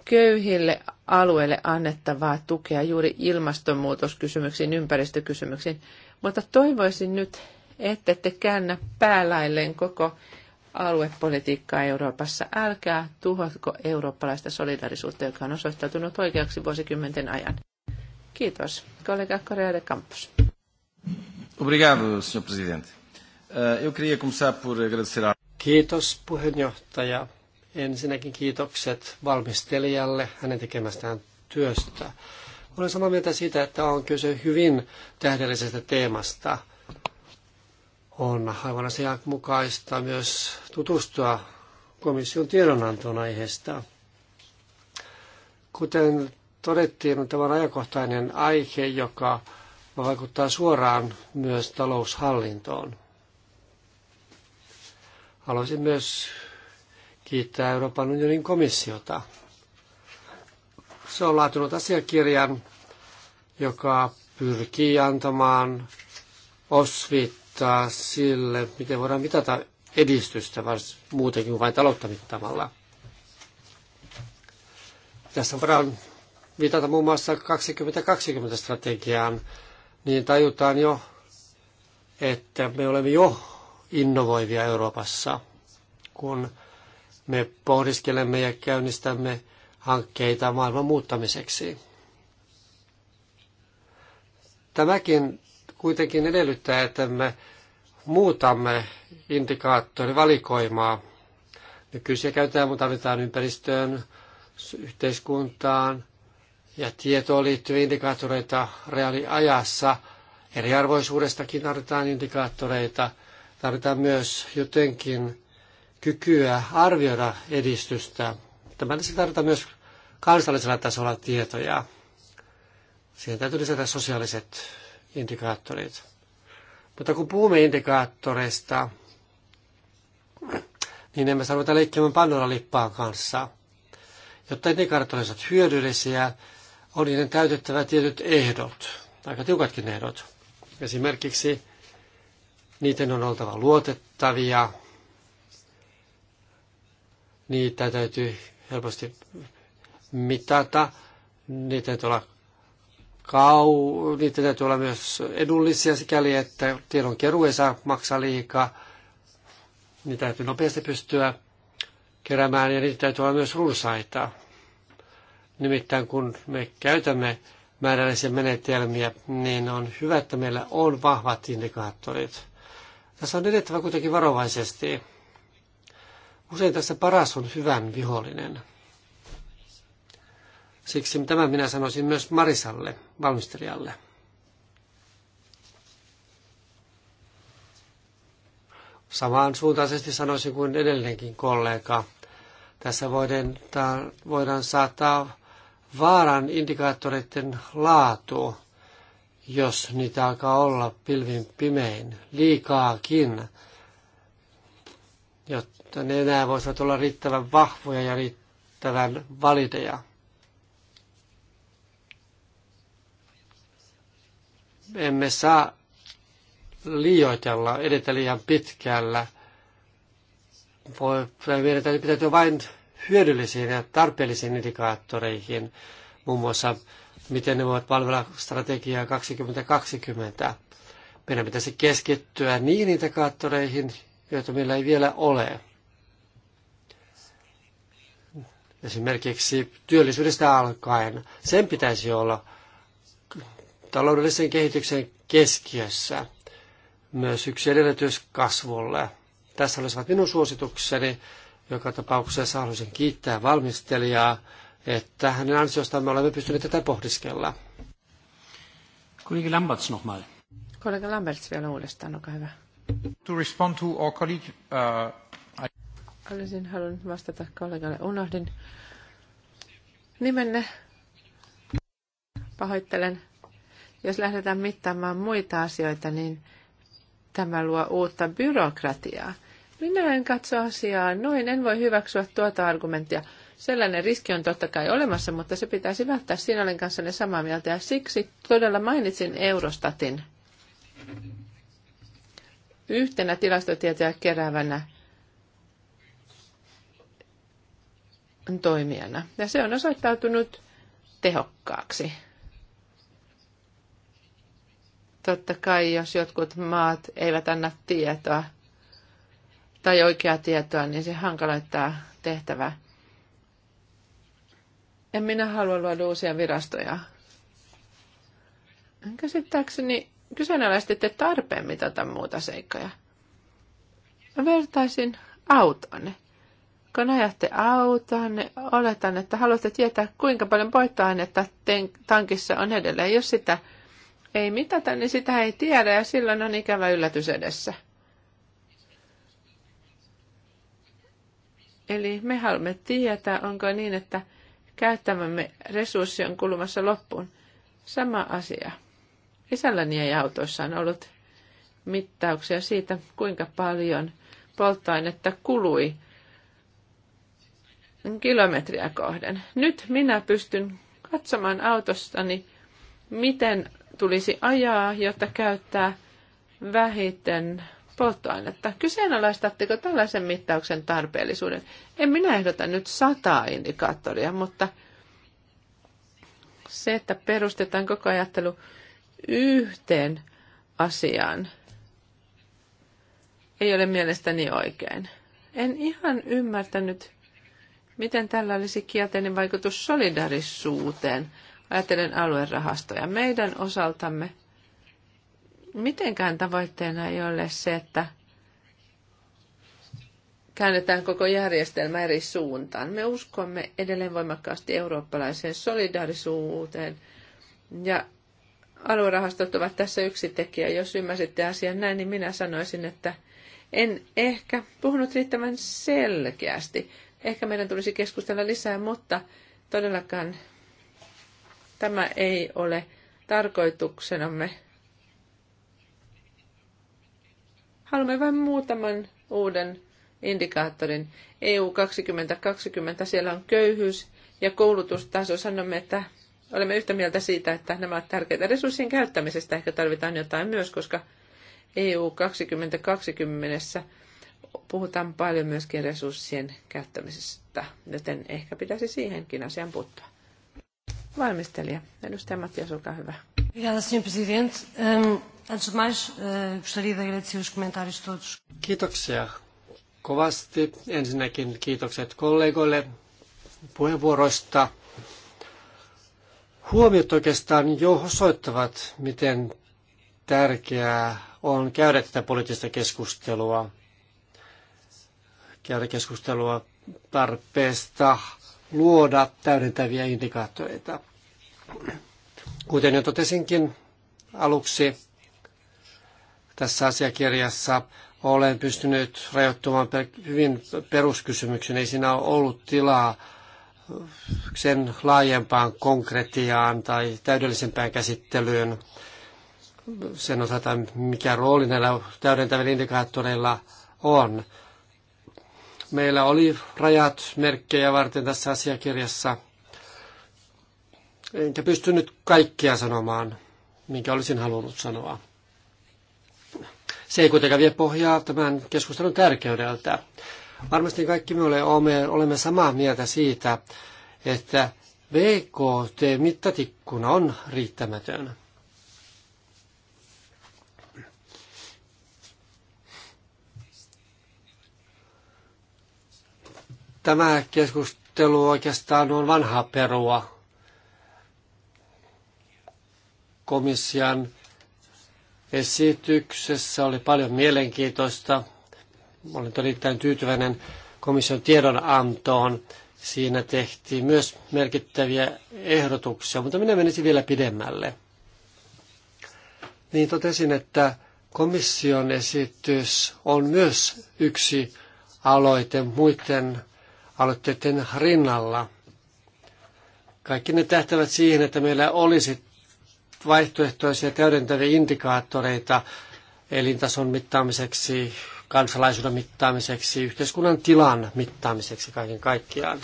köyhille alueille annettavaa tukea juuri ilmastonmuutoskysymyksiin, ympäristökysymyksiin. Mutta toivoisin nyt, että te käännä päälailleen koko aluepolitiikkaa Euroopassa. Älkää tuhotko eurooppalaista solidarisuutta, joka on osoittautunut oikeaksi vuosikymmenten ajan. Kiitos. Kollega Correa de Campos. Obrigado, senhor presidente. Eh, eu queria começar por agradecer a... Kiitos puheenjohtaja. Ensinnäkin kiitokset valmistelijalle hänen tekemästään työstä. Olen samaa mieltä siitä, että on kyse hyvin tähdellisestä teemasta. On aivan asian mukaista myös tutustua komission tiedonantoon aiheesta. Kuten todettiin, on tämä ajankohtainen aihe, joka vaikuttaa suoraan myös taloushallintoon. Haluaisin myös kiittää Euroopan unionin komissiota. Se on laatunut asiakirjan, joka pyrkii antamaan osvittaa sille, miten voidaan mitata edistystä muutenkin kuin vain taloutta mittamalla. Tässä on viitata muun muassa 2020 strategiaan, niin tajutaan jo, että me olemme jo innovoivia Euroopassa, kun me pohdiskelemme ja käynnistämme hankkeita maailman muuttamiseksi. Tämäkin kuitenkin edellyttää, että me muutamme indikaattorivalikoimaa. Nykyisiä käytetään, mutta tarvitaan ympäristöön, yhteiskuntaan, ja tietoon liittyviä indikaattoreita reaaliajassa. Eriarvoisuudestakin tarvitaan indikaattoreita. Tarvitaan myös jotenkin kykyä arvioida edistystä. Tämän lisäksi tarvitaan myös kansallisella tasolla tietoja. Siihen täytyy lisätä sosiaaliset indikaattorit. Mutta kun puhumme indikaattoreista, niin emme saa ruveta leikkimään pannolla lippaan kanssa. Jotta indikaattorit ovat hyödyllisiä, on niiden täytettävä tietyt ehdot, aika tiukatkin ehdot. Esimerkiksi niiden on oltava luotettavia, niitä täytyy helposti mitata, niitä täytyy olla kau, niitä täytyy olla myös edullisia sikäli, että tiedon keru ei saa maksaa liikaa. Niitä täytyy nopeasti pystyä keräämään ja niitä täytyy olla myös runsaita. Nimittäin kun me käytämme määrällisiä menetelmiä, niin on hyvä, että meillä on vahvat indikaattorit. Tässä on edettävä kuitenkin varovaisesti. Usein tässä paras on hyvän vihollinen. Siksi tämä minä sanoisin myös Marisalle, valmistelijalle. Samaan suuntaisesti sanoisin kuin edellinenkin kollega. Tässä voidaan, voidaan saattaa vaaran indikaattoreiden laatu, jos niitä alkaa olla pilvin pimein, liikaakin, jotta ne enää voisivat olla riittävän vahvoja ja riittävän valideja. Emme saa liioitella, edetä liian pitkällä. Voi, meidän täytyy vain hyödyllisiin ja tarpeellisiin indikaattoreihin, muun muassa miten ne voivat palvella strategiaa 2020. Meidän pitäisi keskittyä niihin indikaattoreihin, joita meillä ei vielä ole. Esimerkiksi työllisyydestä alkaen. Sen pitäisi olla taloudellisen kehityksen keskiössä myös yksi edellytys kasvulle. Tässä olisivat minun suositukseni joka tapauksessa haluaisin kiittää valmistelijaa, että hänen ansiostaan me olemme pystyneet tätä pohdiskella. Kollega Lamberts nochmal. Kollega Lamberts vielä uudestaan, olkaa hyvä. To respond to our colleague, uh, I... Olisin halunnut vastata kollegalle. Unohdin nimenne. Pahoittelen. Jos lähdetään mittaamaan muita asioita, niin tämä luo uutta byrokratiaa. Minä en katso asiaa noin, en voi hyväksyä tuota argumenttia. Sellainen riski on totta kai olemassa, mutta se pitäisi välttää. Siinä olen kanssanne samaa mieltä ja siksi todella mainitsin Eurostatin yhtenä tilastotietoja keräävänä toimijana. Ja se on osoittautunut tehokkaaksi. Totta kai, jos jotkut maat eivät anna tietoa, tai oikeaa tietoa, niin se hankaloittaa tehtävää. En minä halua luoda uusia virastoja. Käsittääkseni kyseenalaistitte tarpeen mitata muuta seikkoja. Vertaisin autonne. Kun ajatte autonne, niin oletan, että haluatte tietää, kuinka paljon polttoainetta tankissa on edelleen. Jos sitä ei mitata, niin sitä ei tiedä ja silloin on ikävä yllätys edessä. Eli me haluamme tietää, onko niin, että käyttämämme resurssi on kulumassa loppuun. Sama asia. Isälläni ei autoissa on ollut mittauksia siitä, kuinka paljon polttoainetta kului kilometriä kohden. Nyt minä pystyn katsomaan autostani, miten tulisi ajaa, jotta käyttää vähiten polttoainetta. Kyseenalaistatteko tällaisen mittauksen tarpeellisuuden? En minä ehdota nyt sataa indikaattoria, mutta se, että perustetaan koko ajattelu yhteen asiaan, ei ole mielestäni oikein. En ihan ymmärtänyt, miten tällä olisi kielteinen vaikutus solidarisuuteen. Ajattelen aluerahastoja meidän osaltamme – mitenkään tavoitteena ei ole se, että käännetään koko järjestelmä eri suuntaan. Me uskomme edelleen voimakkaasti eurooppalaiseen solidaarisuuteen ja aluerahastot ovat tässä yksi tekijä. Jos ymmärsitte asian näin, niin minä sanoisin, että en ehkä puhunut riittävän selkeästi. Ehkä meidän tulisi keskustella lisää, mutta todellakaan tämä ei ole tarkoituksenamme Haluamme vain muutaman uuden indikaattorin. EU 2020, siellä on köyhyys ja koulutustaso. Sanomme, että olemme yhtä mieltä siitä, että nämä ovat tärkeitä. Resurssien käyttämisestä ehkä tarvitaan jotain myös, koska EU 2020 puhutaan paljon myöskin resurssien käyttämisestä, joten ehkä pitäisi siihenkin asiaan puuttua. Valmistelija, edustaja Mattias, olkaa hyvä. Ja, Antes de mais, eh, gostaria de agradecer os comentários todos. Kiitoksia kovasti. Ensinnäkin kiitokset kollegoille puheenvuoroista. Huomiot oikeastaan jo osoittavat, miten tärkeää on käydä tätä poliittista keskustelua, käydä keskustelua tarpeesta luoda täydentäviä indikaattoreita. Kuten jo totesinkin aluksi, tässä asiakirjassa olen pystynyt rajoittumaan hyvin peruskysymyksen. Ei siinä ole ollut tilaa sen laajempaan konkretiaan tai täydellisempään käsittelyyn sen osalta, mikä rooli näillä täydentävillä indikaattoreilla on. Meillä oli rajat merkkejä varten tässä asiakirjassa, enkä pystynyt kaikkea sanomaan, minkä olisin halunnut sanoa. Se ei kuitenkaan vie pohjaa tämän keskustelun tärkeydeltä. Varmasti kaikki me olemme, olemme samaa mieltä siitä, että BKT-mittatikkuna on riittämätön. Tämä keskustelu oikeastaan on vanhaa perua. Komission esityksessä oli paljon mielenkiintoista. Olen erittäin tyytyväinen komission tiedonantoon. Siinä tehtiin myös merkittäviä ehdotuksia, mutta minä menisin vielä pidemmälle. Niin totesin, että komission esitys on myös yksi aloite muiden aloitteiden rinnalla. Kaikki ne tähtävät siihen, että meillä olisi vaihtoehtoisia täydentäviä indikaattoreita elintason mittaamiseksi, kansalaisuuden mittaamiseksi, yhteiskunnan tilan mittaamiseksi kaiken kaikkiaan.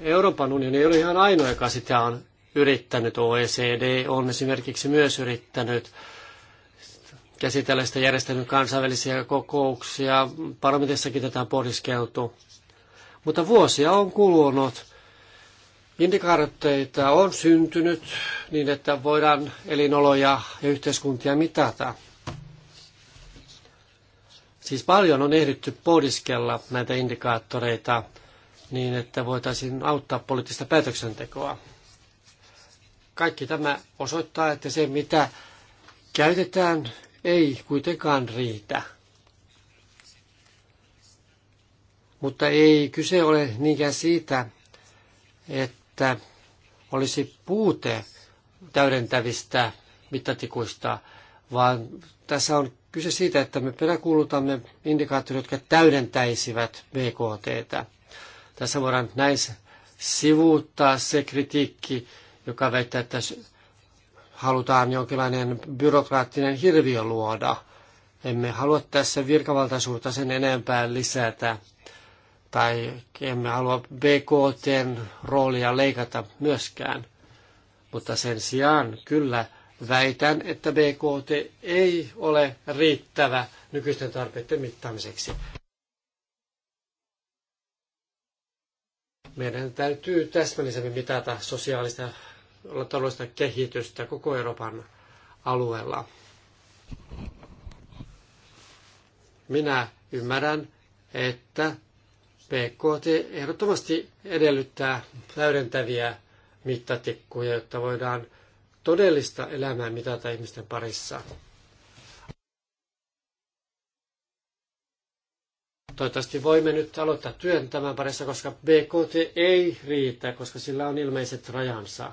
Euroopan unioni ei ole ihan ainoa, joka sitä on yrittänyt. OECD on esimerkiksi myös yrittänyt käsitellä sitä järjestänyt kansainvälisiä kokouksia. Parlamentissakin tätä on pohdiskeltu. Mutta vuosia on kulunut Indikaattoreita on syntynyt niin, että voidaan elinoloja ja yhteiskuntia mitata. Siis paljon on ehditty pohdiskella näitä indikaattoreita niin, että voitaisiin auttaa poliittista päätöksentekoa. Kaikki tämä osoittaa, että se mitä käytetään ei kuitenkaan riitä. Mutta ei kyse ole niinkään siitä, että että olisi puute täydentävistä mittatikuista, vaan tässä on kyse siitä, että me peräkuulutamme indikaattoreita, jotka täydentäisivät tä. Tässä voidaan näin sivuuttaa se kritiikki, joka väittää, että halutaan jonkinlainen byrokraattinen hirviö luoda. Emme halua tässä virkavaltaisuutta sen enempää lisätä tai emme halua BKTn roolia leikata myöskään. Mutta sen sijaan kyllä väitän, että BKT ei ole riittävä nykyisten tarpeiden mittaamiseksi. Meidän täytyy täsmällisemmin mitata sosiaalista taloudellista kehitystä koko Euroopan alueella. Minä ymmärrän, että BKT ehdottomasti edellyttää täydentäviä mittatikkuja, jotta voidaan todellista elämää mitata ihmisten parissa. Toivottavasti voimme nyt aloittaa työn tämän parissa, koska BKT ei riitä, koska sillä on ilmeiset rajansa.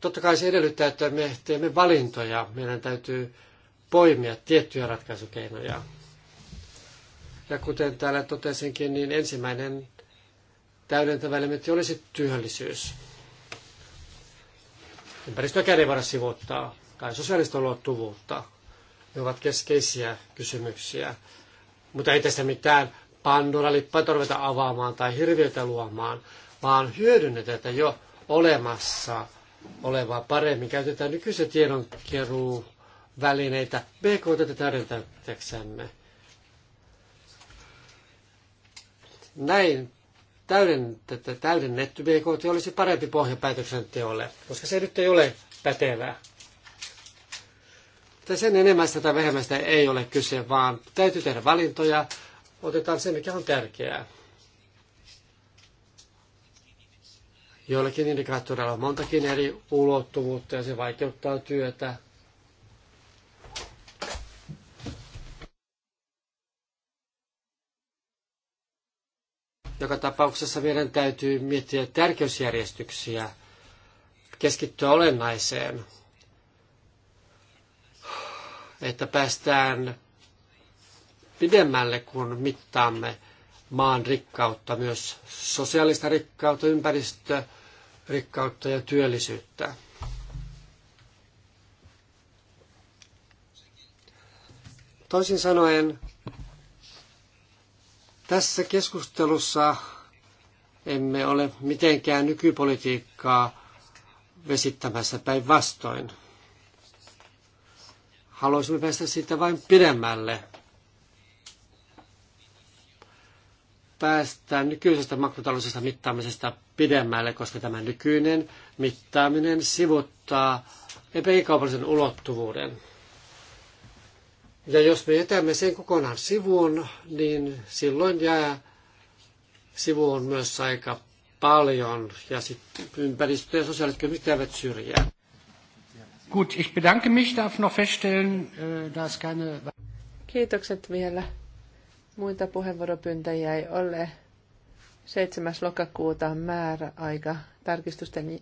Totta kai se edellyttää, että me teemme valintoja. Meidän täytyy poimia tiettyjä ratkaisukeinoja. Ja kuten täällä totesinkin, niin ensimmäinen täydentävä elementti olisi työllisyys. Ympäristöäkään ei voida sivuuttaa, tai sosiaalista ulottuvuutta. Ne ovat keskeisiä kysymyksiä. Mutta ei tästä mitään Pandora-lippaa tarvita avaamaan tai hirviötä luomaan, vaan hyödynnetään jo olemassa olevaa paremmin. Käytetään nykyisiä välineitä. BKT täydentäjäksemme. Näin täydennetty, täydennetty BKT olisi parempi pohja päätöksenteolle, koska se nyt ei ole pätevää. Mutta sen enemmästä tai vähemmästä ei ole kyse, vaan täytyy tehdä valintoja, otetaan se, mikä on tärkeää. Joillakin indikaattoreilla on montakin eri ulottuvuutta ja se vaikeuttaa työtä. Joka tapauksessa meidän täytyy miettiä tärkeysjärjestyksiä, keskittyä olennaiseen, että päästään pidemmälle, kun mittaamme maan rikkautta, myös sosiaalista rikkautta, ympäristörikkautta ja työllisyyttä. Toisin sanoen, tässä keskustelussa emme ole mitenkään nykypolitiikkaa vesittämässä päinvastoin. Haluaisimme päästä siitä vain pidemmälle. Päästään nykyisestä makrotaloudellisesta mittaamisesta pidemmälle, koska tämä nykyinen mittaaminen sivuttaa epäikaupallisen ulottuvuuden. Ja jos me jätämme sen kokonaan sivuun, niin silloin jää sivuun myös aika paljon ja sitten ympäristö- ja sosiaaliset kysymykset jäävät syrjään. Gut, ich bedanke mich, darf noch feststellen, äh, dass keine... Kiitokset vielä. Muita puheenvuoropyyntäjiä ei ole. 7. lokakuuta on määräaika tarkistusten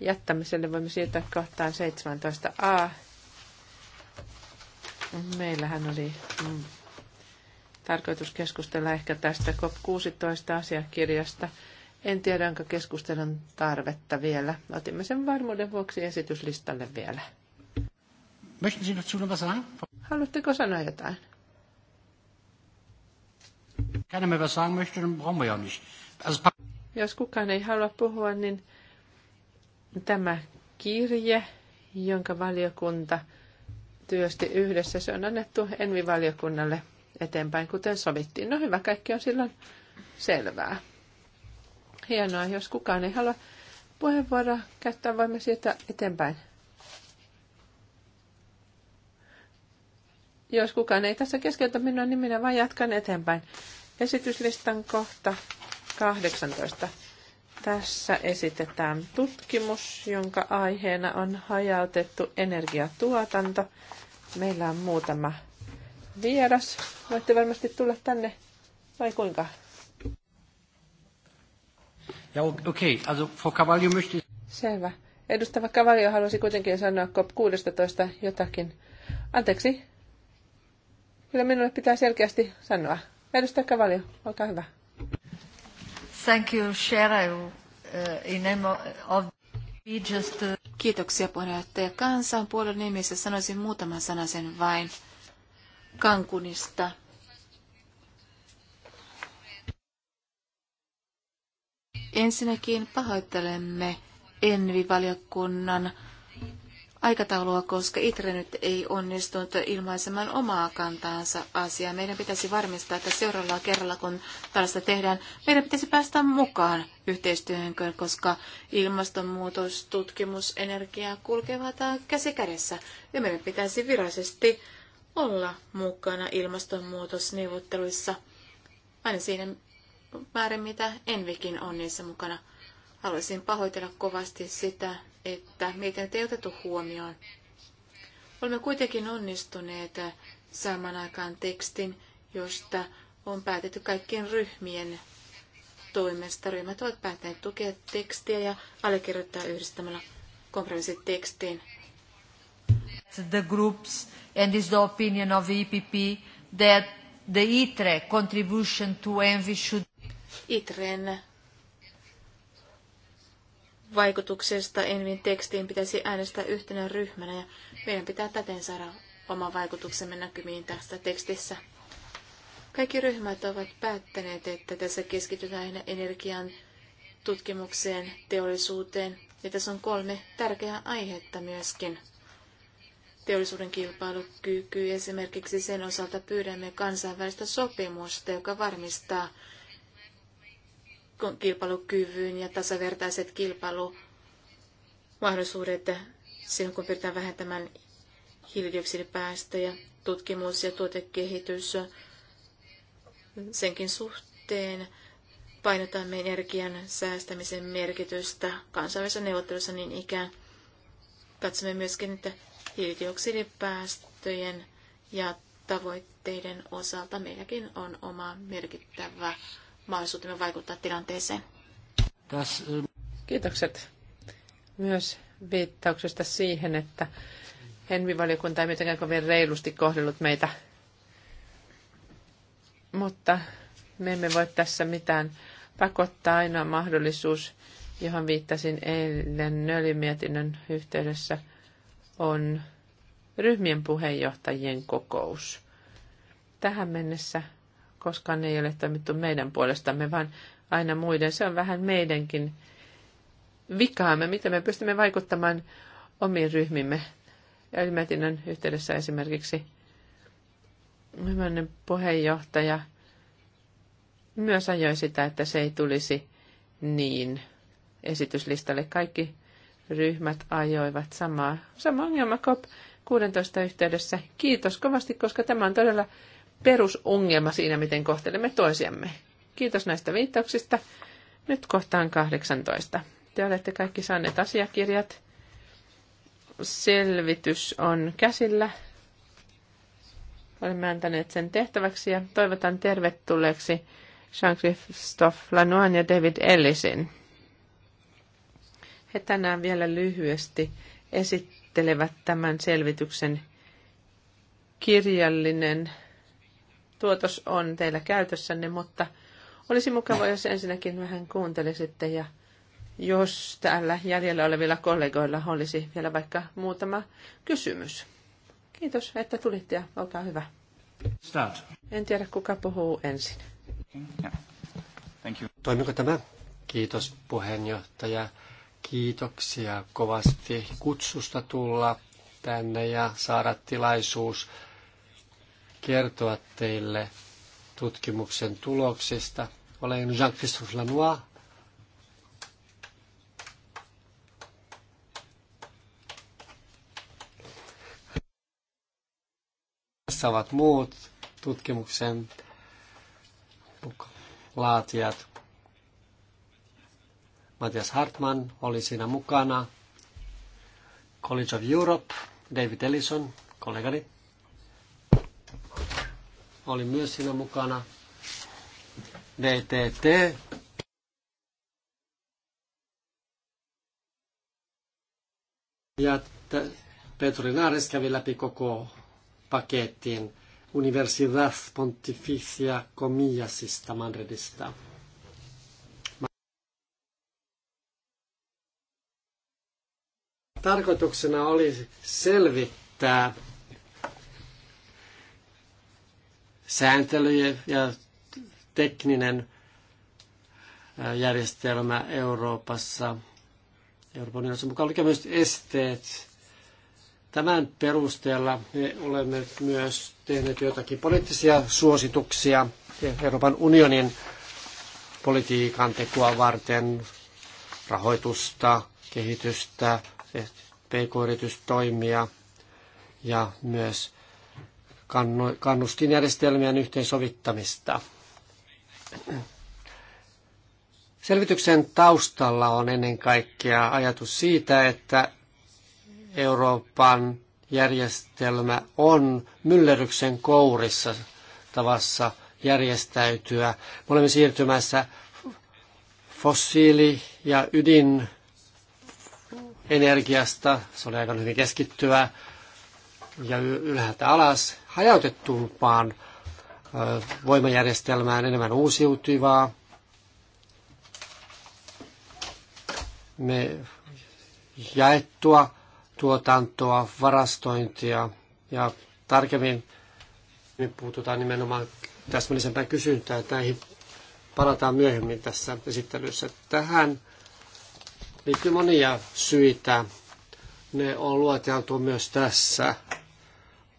jättämiselle. Voimme siirtää kohtaan 17a. Meillähän oli mm, tarkoitus keskustella ehkä tästä COP16-asiakirjasta. En tiedä, onko keskustelun tarvetta vielä. Otimme sen varmuuden vuoksi esityslistalle vielä. Haluatteko sanoa jotain? Jos kukaan ei halua puhua, niin tämä kirje, jonka valiokunta – työsti yhdessä. Se on annettu Envi-valiokunnalle eteenpäin, kuten sovittiin. No hyvä, kaikki on silloin selvää. Hienoa, jos kukaan ei halua puheenvuoroa käyttää, voimme siirtää eteenpäin. Jos kukaan ei tässä keskeytä minua, niin minä vain jatkan eteenpäin. Esityslistan kohta 18. Tässä esitetään tutkimus, jonka aiheena on hajautettu energiatuotanto. Meillä on muutama vieras. Voitte varmasti tulla tänne, vai kuinka? Ja, okay. also, for Cavallio möchte... Selvä. Edustava Cavallio halusi kuitenkin sanoa COP16 jotakin. Anteeksi. Kyllä minulle pitää selkeästi sanoa. Edustaja Cavallio, olkaa hyvä. Kiitoksia puheenjohtaja. Kansan puolen nimissä sanoisin muutaman sanasen vain Kankunista. Ensinnäkin pahoittelemme Envi-valiokunnan aikataulua, koska ITRE nyt ei onnistunut ilmaisemaan omaa kantaansa asiaa. Meidän pitäisi varmistaa, että seuraavalla kerralla, kun tällaista tehdään, meidän pitäisi päästä mukaan yhteistyöhön, koska ilmastonmuutos, tutkimus, energia kulkevat käsi kädessä. Ja meidän pitäisi virallisesti olla mukana ilmastonmuutosneuvotteluissa, aina siinä määrin, mitä Envikin on niissä mukana. Haluaisin pahoitella kovasti sitä, että meitä ei otettu huomioon. Olemme kuitenkin onnistuneet saamaan aikaan tekstin, josta on päätetty kaikkien ryhmien toimesta. Ryhmät ovat päättäneet tukea tekstiä ja allekirjoittaa yhdistämällä kompromissit tekstiin. The groups and is the opinion of EPP that the ITRE contribution to ENVI should... ITREn vaikutuksesta Envin tekstiin pitäisi äänestää yhtenä ryhmänä ja meidän pitää täten saada oma vaikutuksemme näkymiin tästä tekstissä. Kaikki ryhmät ovat päättäneet, että tässä keskitytään energian tutkimukseen, teollisuuteen ja tässä on kolme tärkeää aihetta myöskin. Teollisuuden kilpailukyky esimerkiksi sen osalta pyydämme kansainvälistä sopimusta, joka varmistaa kilpailukyvyn ja tasavertaiset kilpailumahdollisuudet silloin, kun pyritään vähentämään hiilidioksidipäästöjä, tutkimus ja tuotekehitys senkin suhteen. Painotamme energian säästämisen merkitystä kansainvälisessä neuvottelussa niin ikään. Katsomme myöskin, että hiilidioksidipäästöjen ja tavoitteiden osalta meilläkin on oma merkittävä mahdollisuutemme vaikuttaa tilanteeseen. Kiitokset myös viittauksesta siihen, että Henvi-valiokunta ei mitenkään kovin reilusti kohdellut meitä. Mutta me emme voi tässä mitään pakottaa. Ainoa mahdollisuus, johon viittasin eilen Nölimietinnön yhteydessä, on ryhmien puheenjohtajien kokous. Tähän mennessä koskaan ei ole toimittu meidän puolestamme, vaan aina muiden. Se on vähän meidänkin vikaamme, miten me pystymme vaikuttamaan omiin ryhmimme. Ja Ylmätinän yhteydessä esimerkiksi hyvänen puheenjohtaja myös ajoi sitä, että se ei tulisi niin esityslistalle. Kaikki ryhmät ajoivat samaa, sama ongelma COP 16 yhteydessä. Kiitos kovasti, koska tämä on todella perusongelma siinä, miten kohtelemme toisiamme. Kiitos näistä viittauksista. Nyt kohtaan 18. Te olette kaikki saaneet asiakirjat. Selvitys on käsillä. Olemme antaneet sen tehtäväksi ja toivotan tervetulleeksi Jean-Christophe Lanoin ja David Ellisin. He tänään vielä lyhyesti esittelevät tämän selvityksen kirjallinen tuotos on teillä käytössänne, mutta olisi mukava, jos ensinnäkin vähän kuuntelisitte ja jos täällä jäljellä olevilla kollegoilla olisi vielä vaikka muutama kysymys. Kiitos, että tulitte ja olkaa hyvä. Start. En tiedä, kuka puhuu ensin. Thank you. Toimiko tämä? Kiitos puheenjohtaja. Kiitoksia kovasti kutsusta tulla tänne ja saada tilaisuus kertoa teille tutkimuksen tuloksista. Olen Jean-Christophe Lanois, tässä ovat muut tutkimuksen laatijat. Matias Hartman oli siinä mukana. College of Europe, David Ellison, kollegani oli myös siinä mukana. VTT. Ja Petri Naares kävi läpi koko pakettiin Universidad Pontificia Comillasista Madridista. Tarkoituksena oli selvittää sääntely ja tekninen järjestelmä Euroopassa. Euroopan unionissa mukaan lukee myös esteet. Tämän perusteella me olemme myös tehneet joitakin poliittisia suosituksia Euroopan unionin politiikan tekoa varten, rahoitusta, kehitystä, pk-yritystoimia ja myös kannustinjärjestelmien yhteensovittamista. Selvityksen taustalla on ennen kaikkea ajatus siitä, että Euroopan järjestelmä on myllerryksen kourissa tavassa järjestäytyä. Me olemme siirtymässä fossiili- ja ydinenergiasta, se oli aika hyvin keskittyvä, ja ylhäältä alas hajautettumpaan voimajärjestelmään, enemmän uusiutuvaa. Me jaettua tuotantoa, varastointia ja tarkemmin me puututaan nimenomaan täsmällisempään kysyntään. Näihin palataan myöhemmin tässä esittelyssä. Tähän liittyy monia syitä. Ne on lueteltu myös tässä.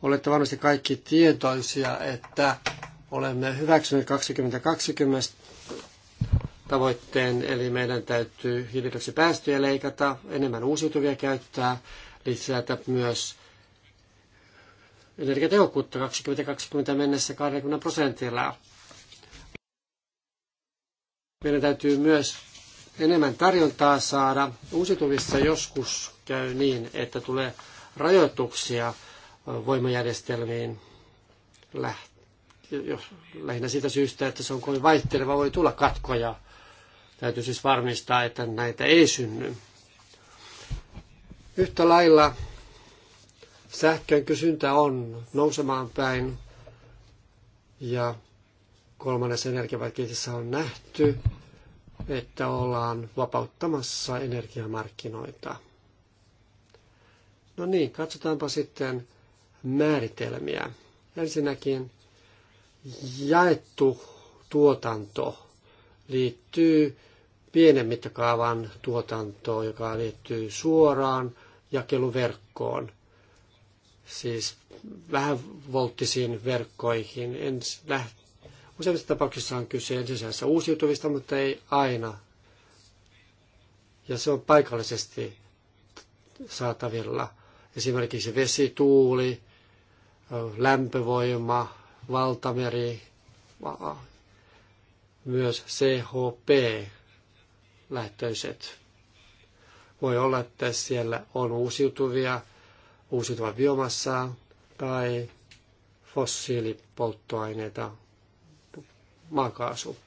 Olette varmasti kaikki tietoisia, että olemme hyväksyneet 2020 tavoitteen, eli meidän täytyy hiilidioksidipäästöjä leikata, enemmän uusiutuvia käyttää, lisätä myös energiatehokkuutta 2020 mennessä 20 prosentilla. Meidän täytyy myös enemmän tarjontaa saada. Uusiutuvissa joskus käy niin, että tulee rajoituksia voimajärjestelmiin lähinnä siitä syystä, että se on kovin vaihteleva, voi tulla katkoja. Täytyy siis varmistaa, että näitä ei synny. Yhtä lailla sähkön kysyntä on nousemaan päin ja kolmannessa energiapaketissa on nähty, että ollaan vapauttamassa energiamarkkinoita. No niin, katsotaanpa sitten määritelmiä. Ensinnäkin jaettu tuotanto liittyy pienen mittakaavan tuotantoon, joka liittyy suoraan jakeluverkkoon, siis vähän volttisiin verkkoihin. useimmissa tapauksissa on kyse ensisijaisesti uusiutuvista, mutta ei aina. Ja se on paikallisesti saatavilla. Esimerkiksi vesi, tuuli, lämpövoima, valtameri, myös CHP lähtöiset. Voi olla, että siellä on uusiutuvia, uusiutuvaa biomassaa tai fossiilipolttoaineita, maakaasu.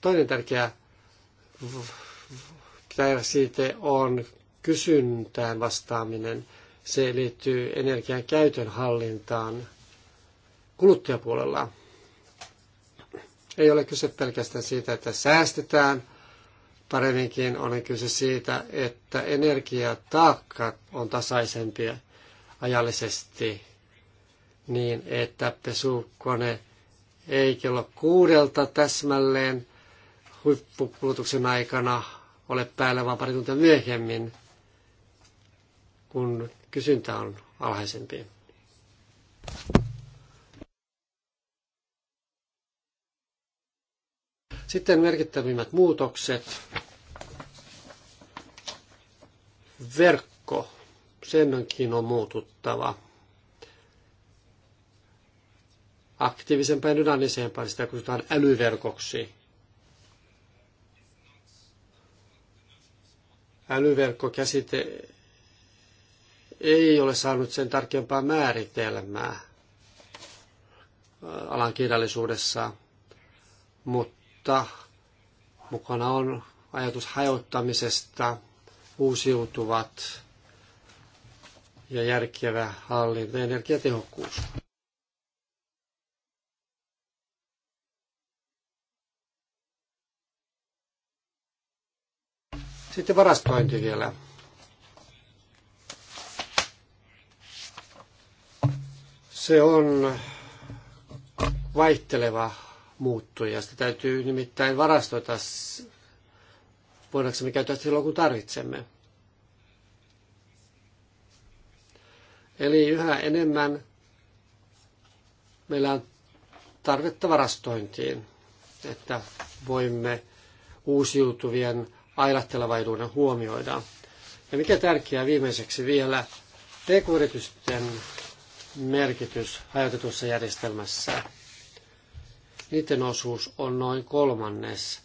Toinen tärkeä siitä on kysyntään vastaaminen – se liittyy energian käytön hallintaan kuluttajapuolella. Ei ole kyse pelkästään siitä, että säästetään, paremminkin on kyse siitä, että energiataakka on tasaisempia ajallisesti niin, että pesukone ei kello kuudelta täsmälleen huippukulutuksen aikana ole päällä, vaan pari tuntia myöhemmin, kun kysyntä on alhaisempi. Sitten merkittävimmät muutokset. Verkko, senkin on muututtava. Aktiivisempaan ja dynaamisempaan sitä kutsutaan älyverkoksi. Älyverkko käsite ei ole saanut sen tarkempaa määritelmää alan kirjallisuudessa, mutta mukana on ajatus hajottamisesta, uusiutuvat ja järkevä hallinta energiatehokkuus. Sitten varastointi vielä. Se on vaihteleva muuttuja. Sitä täytyy nimittäin varastoida, voidaanko me käyttää silloin, kun tarvitsemme. Eli yhä enemmän meillä on tarvetta varastointiin, että voimme uusiutuvien ailahtelevaisuuden huomioida. Ja mikä tärkeää viimeiseksi vielä, pk merkitys hajautetussa järjestelmässä. Niiden osuus on noin kolmannes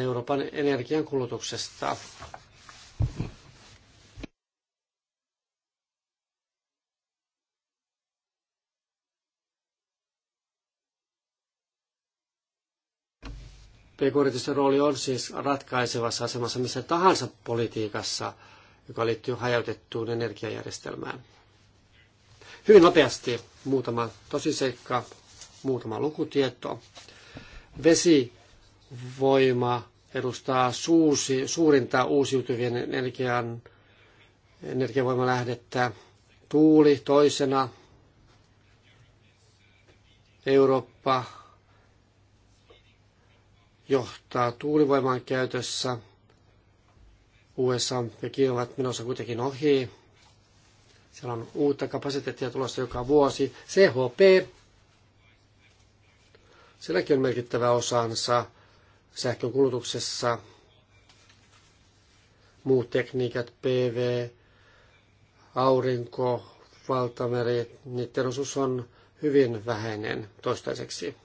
Euroopan energiankulutuksesta. pk rooli on siis ratkaisevassa asemassa missä tahansa politiikassa, joka liittyy hajautettuun energiajärjestelmään. Hyvin nopeasti muutama tosiseikka, muutama lukutieto. Vesivoima edustaa suusi, suurinta uusiutuvien energian, energiavoimalähdettä. Tuuli toisena. Eurooppa johtaa tuulivoiman käytössä. USA ja Kiina ovat menossa kuitenkin ohi. Siellä on uutta kapasiteettia tulossa joka vuosi. CHP, silläkin on merkittävä osansa sähkön kulutuksessa. Muut tekniikat, PV, aurinko, valtameri, niiden osuus on hyvin vähäinen toistaiseksi.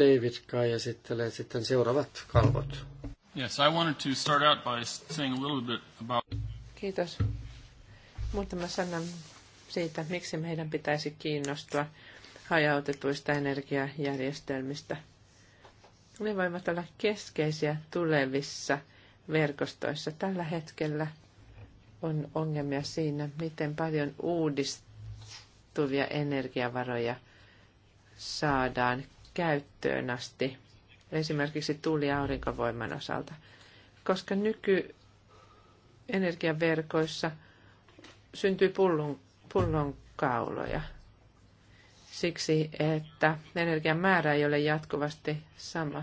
David Kai esittelee sitten seuraavat kalvot. Yes, I wanted to start out by saying a little bit about... Kiitos. Muutama sana siitä, miksi meidän pitäisi kiinnostua hajautetuista energiajärjestelmistä. Ne voivat olla keskeisiä tulevissa verkostoissa. Tällä hetkellä on ongelmia siinä, miten paljon uudistuvia energiavaroja saadaan käyttöön asti esimerkiksi tuuli- ja aurinkovoiman osalta, koska nykyenergiaverkoissa syntyy pullon, pullonkauloja siksi, että energian määrä ei ole jatkuvasti sama.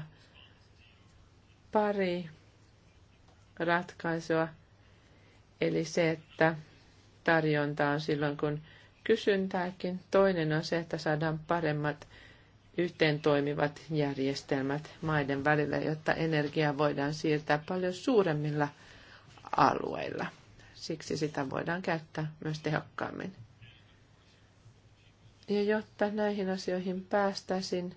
Pari ratkaisua, eli se, että tarjonta on silloin, kun kysyntääkin. Toinen on se, että saadaan paremmat yhteen toimivat järjestelmät maiden välillä, jotta energiaa voidaan siirtää paljon suuremmilla alueilla. Siksi sitä voidaan käyttää myös tehokkaammin. Ja jotta näihin asioihin päästäisiin,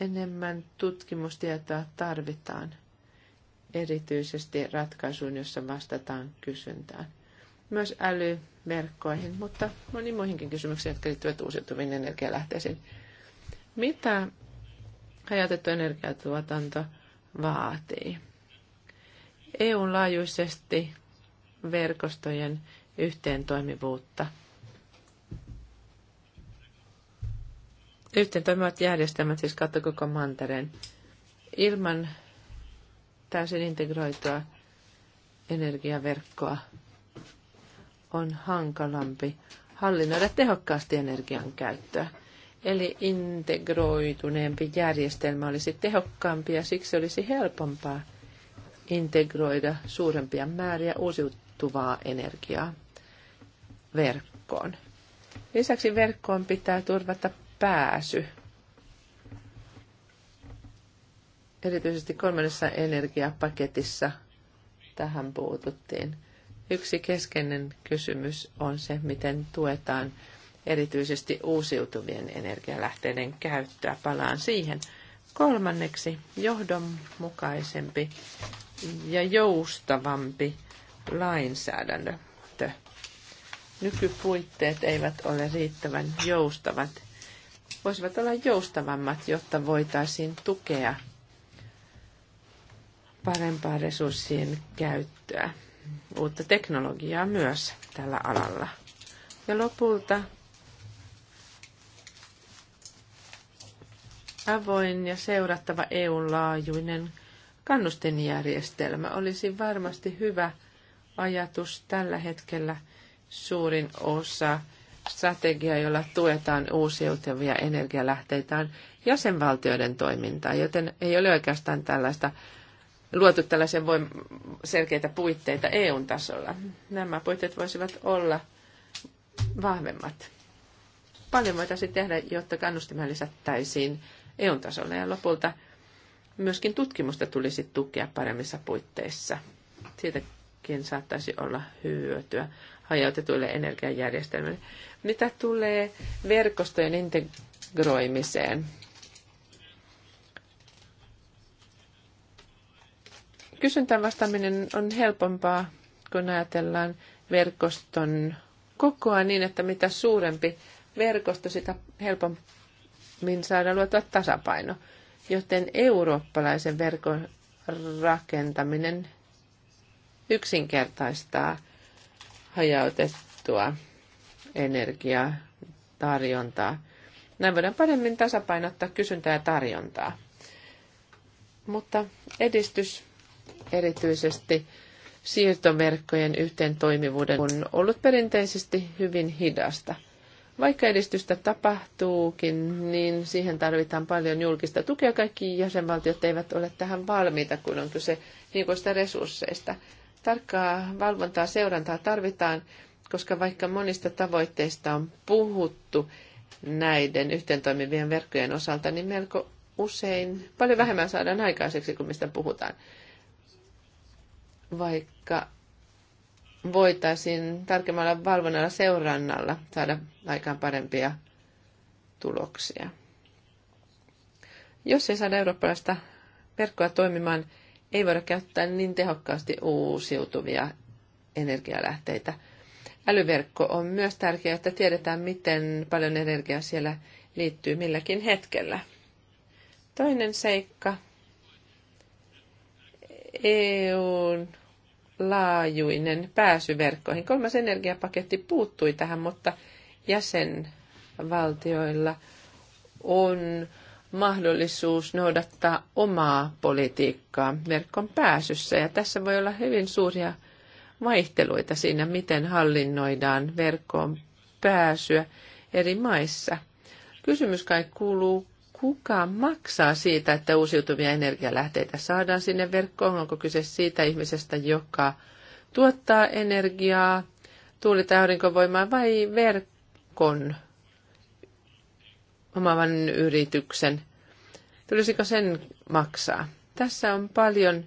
enemmän tutkimustietoa tarvitaan, erityisesti ratkaisuun, jossa vastataan kysyntään. Myös älyverkkoihin, mutta moniin muihinkin kysymyksiin, jotka liittyvät uusiutuviin energialähteisiin. Mitä hajautettu energiatuotanto vaatii? EUn laajuisesti verkostojen yhteentoimivuutta. Yhteen toimivat järjestelmät siis katso koko mantereen. Ilman täysin integroitua energiaverkkoa on hankalampi hallinnoida tehokkaasti energian käyttöä. Eli integroituneempi järjestelmä olisi tehokkaampi ja siksi olisi helpompaa integroida suurempia määriä uusiutuvaa energiaa verkkoon. Lisäksi verkkoon pitää turvata pääsy. Erityisesti kolmannessa energiapaketissa tähän puututtiin. Yksi keskeinen kysymys on se, miten tuetaan erityisesti uusiutuvien energialähteiden käyttöä. Palaan siihen. Kolmanneksi johdonmukaisempi ja joustavampi lainsäädäntö. Nykypuitteet eivät ole riittävän joustavat. Voisivat olla joustavammat, jotta voitaisiin tukea parempaa resurssien käyttöä, uutta teknologiaa myös tällä alalla. Ja lopulta avoin ja seurattava EUn laajuinen kannustinjärjestelmä olisi varmasti hyvä ajatus tällä hetkellä suurin osa strategiaa, jolla tuetaan uusiutuvia energialähteitä on jäsenvaltioiden toimintaa, joten ei ole oikeastaan tällaista luotu tällaisen voim- selkeitä puitteita EUn tasolla. Nämä puitteet voisivat olla vahvemmat. Paljon voitaisiin tehdä, jotta kannustimia lisättäisiin Eun tasolla ja lopulta myöskin tutkimusta tulisi tukea paremmissa puitteissa. Siitäkin saattaisi olla hyötyä hajautetuille energiajärjestelmille. Mitä tulee verkostojen integroimiseen? Kysyntään vastaaminen on helpompaa, kun ajatellaan verkoston kokoa niin, että mitä suurempi verkosto, sitä helpompaa niin saadaan luotua tasapaino. Joten eurooppalaisen verkon rakentaminen yksinkertaistaa hajautettua energiaa, tarjontaa. Näin voidaan paremmin tasapainottaa kysyntää ja tarjontaa. Mutta edistys erityisesti siirtoverkkojen yhteen toimivuuden on ollut perinteisesti hyvin hidasta – vaikka edistystä tapahtuukin, niin siihen tarvitaan paljon julkista tukea. Kaikki jäsenvaltiot eivät ole tähän valmiita, kun on kyse niukoista resursseista. Tarkkaa valvontaa seurantaa tarvitaan, koska vaikka monista tavoitteista on puhuttu näiden toimivien verkkojen osalta, niin melko usein paljon vähemmän saadaan aikaiseksi kuin mistä puhutaan. Vaikka voitaisiin tarkemmalla valvonnalla seurannalla saada aikaan parempia tuloksia. Jos ei saada eurooppalaista verkkoa toimimaan, ei voida käyttää niin tehokkaasti uusiutuvia energialähteitä. Älyverkko on myös tärkeää, että tiedetään, miten paljon energiaa siellä liittyy milläkin hetkellä. Toinen seikka. E EUn laajuinen pääsy verkkoihin. Kolmas energiapaketti puuttui tähän, mutta jäsenvaltioilla on mahdollisuus noudattaa omaa politiikkaa verkon pääsyssä. Ja tässä voi olla hyvin suuria vaihteluita siinä, miten hallinnoidaan verkkoon pääsyä eri maissa. Kysymys kai kuuluu, kuka maksaa siitä, että uusiutuvia energialähteitä saadaan sinne verkkoon? Onko kyse siitä ihmisestä, joka tuottaa energiaa, tuuli- tai aurinkovoimaa vai verkon omavan yrityksen? Tulisiko sen maksaa? Tässä on paljon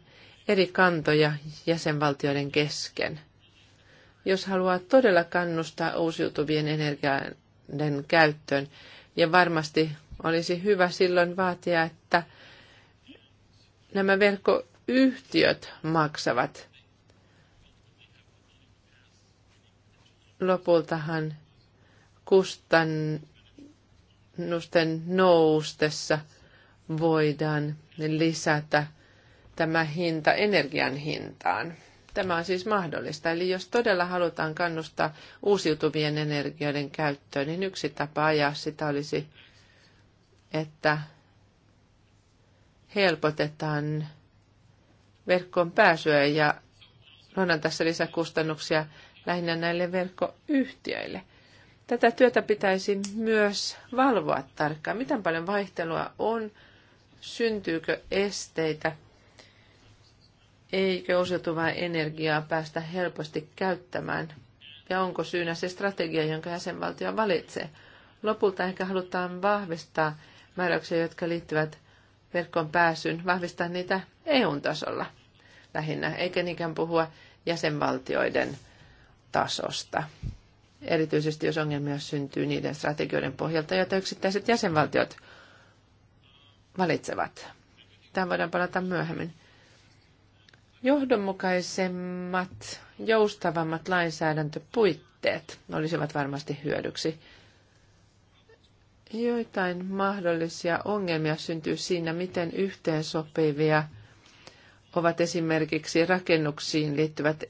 eri kantoja jäsenvaltioiden kesken. Jos haluaa todella kannustaa uusiutuvien energian käyttöön, ja varmasti olisi hyvä silloin vaatia, että nämä verkkoyhtiöt maksavat. Lopultahan kustannusten noustessa voidaan lisätä tämä hinta energian hintaan. Tämä on siis mahdollista. Eli jos todella halutaan kannustaa uusiutuvien energioiden käyttöön, niin yksi tapa ajaa sitä olisi että helpotetaan verkkoon pääsyä ja luodaan tässä lisäkustannuksia lähinnä näille verkkoyhtiöille. Tätä työtä pitäisi myös valvoa tarkkaan, miten paljon vaihtelua on, syntyykö esteitä, eikö uusiutuvaa energiaa päästä helposti käyttämään ja onko syynä se strategia, jonka jäsenvaltio valitsee. Lopulta ehkä halutaan vahvistaa määräyksiä, jotka liittyvät verkkoon pääsyn vahvistaa niitä EU-tasolla lähinnä, eikä niinkään puhua jäsenvaltioiden tasosta. Erityisesti jos ongelmia syntyy niiden strategioiden pohjalta, joita yksittäiset jäsenvaltiot valitsevat. tämä voidaan palata myöhemmin. Johdonmukaisemmat, joustavammat lainsäädäntöpuitteet olisivat varmasti hyödyksi joitain mahdollisia ongelmia syntyy siinä, miten yhteensopivia ovat esimerkiksi rakennuksiin liittyvät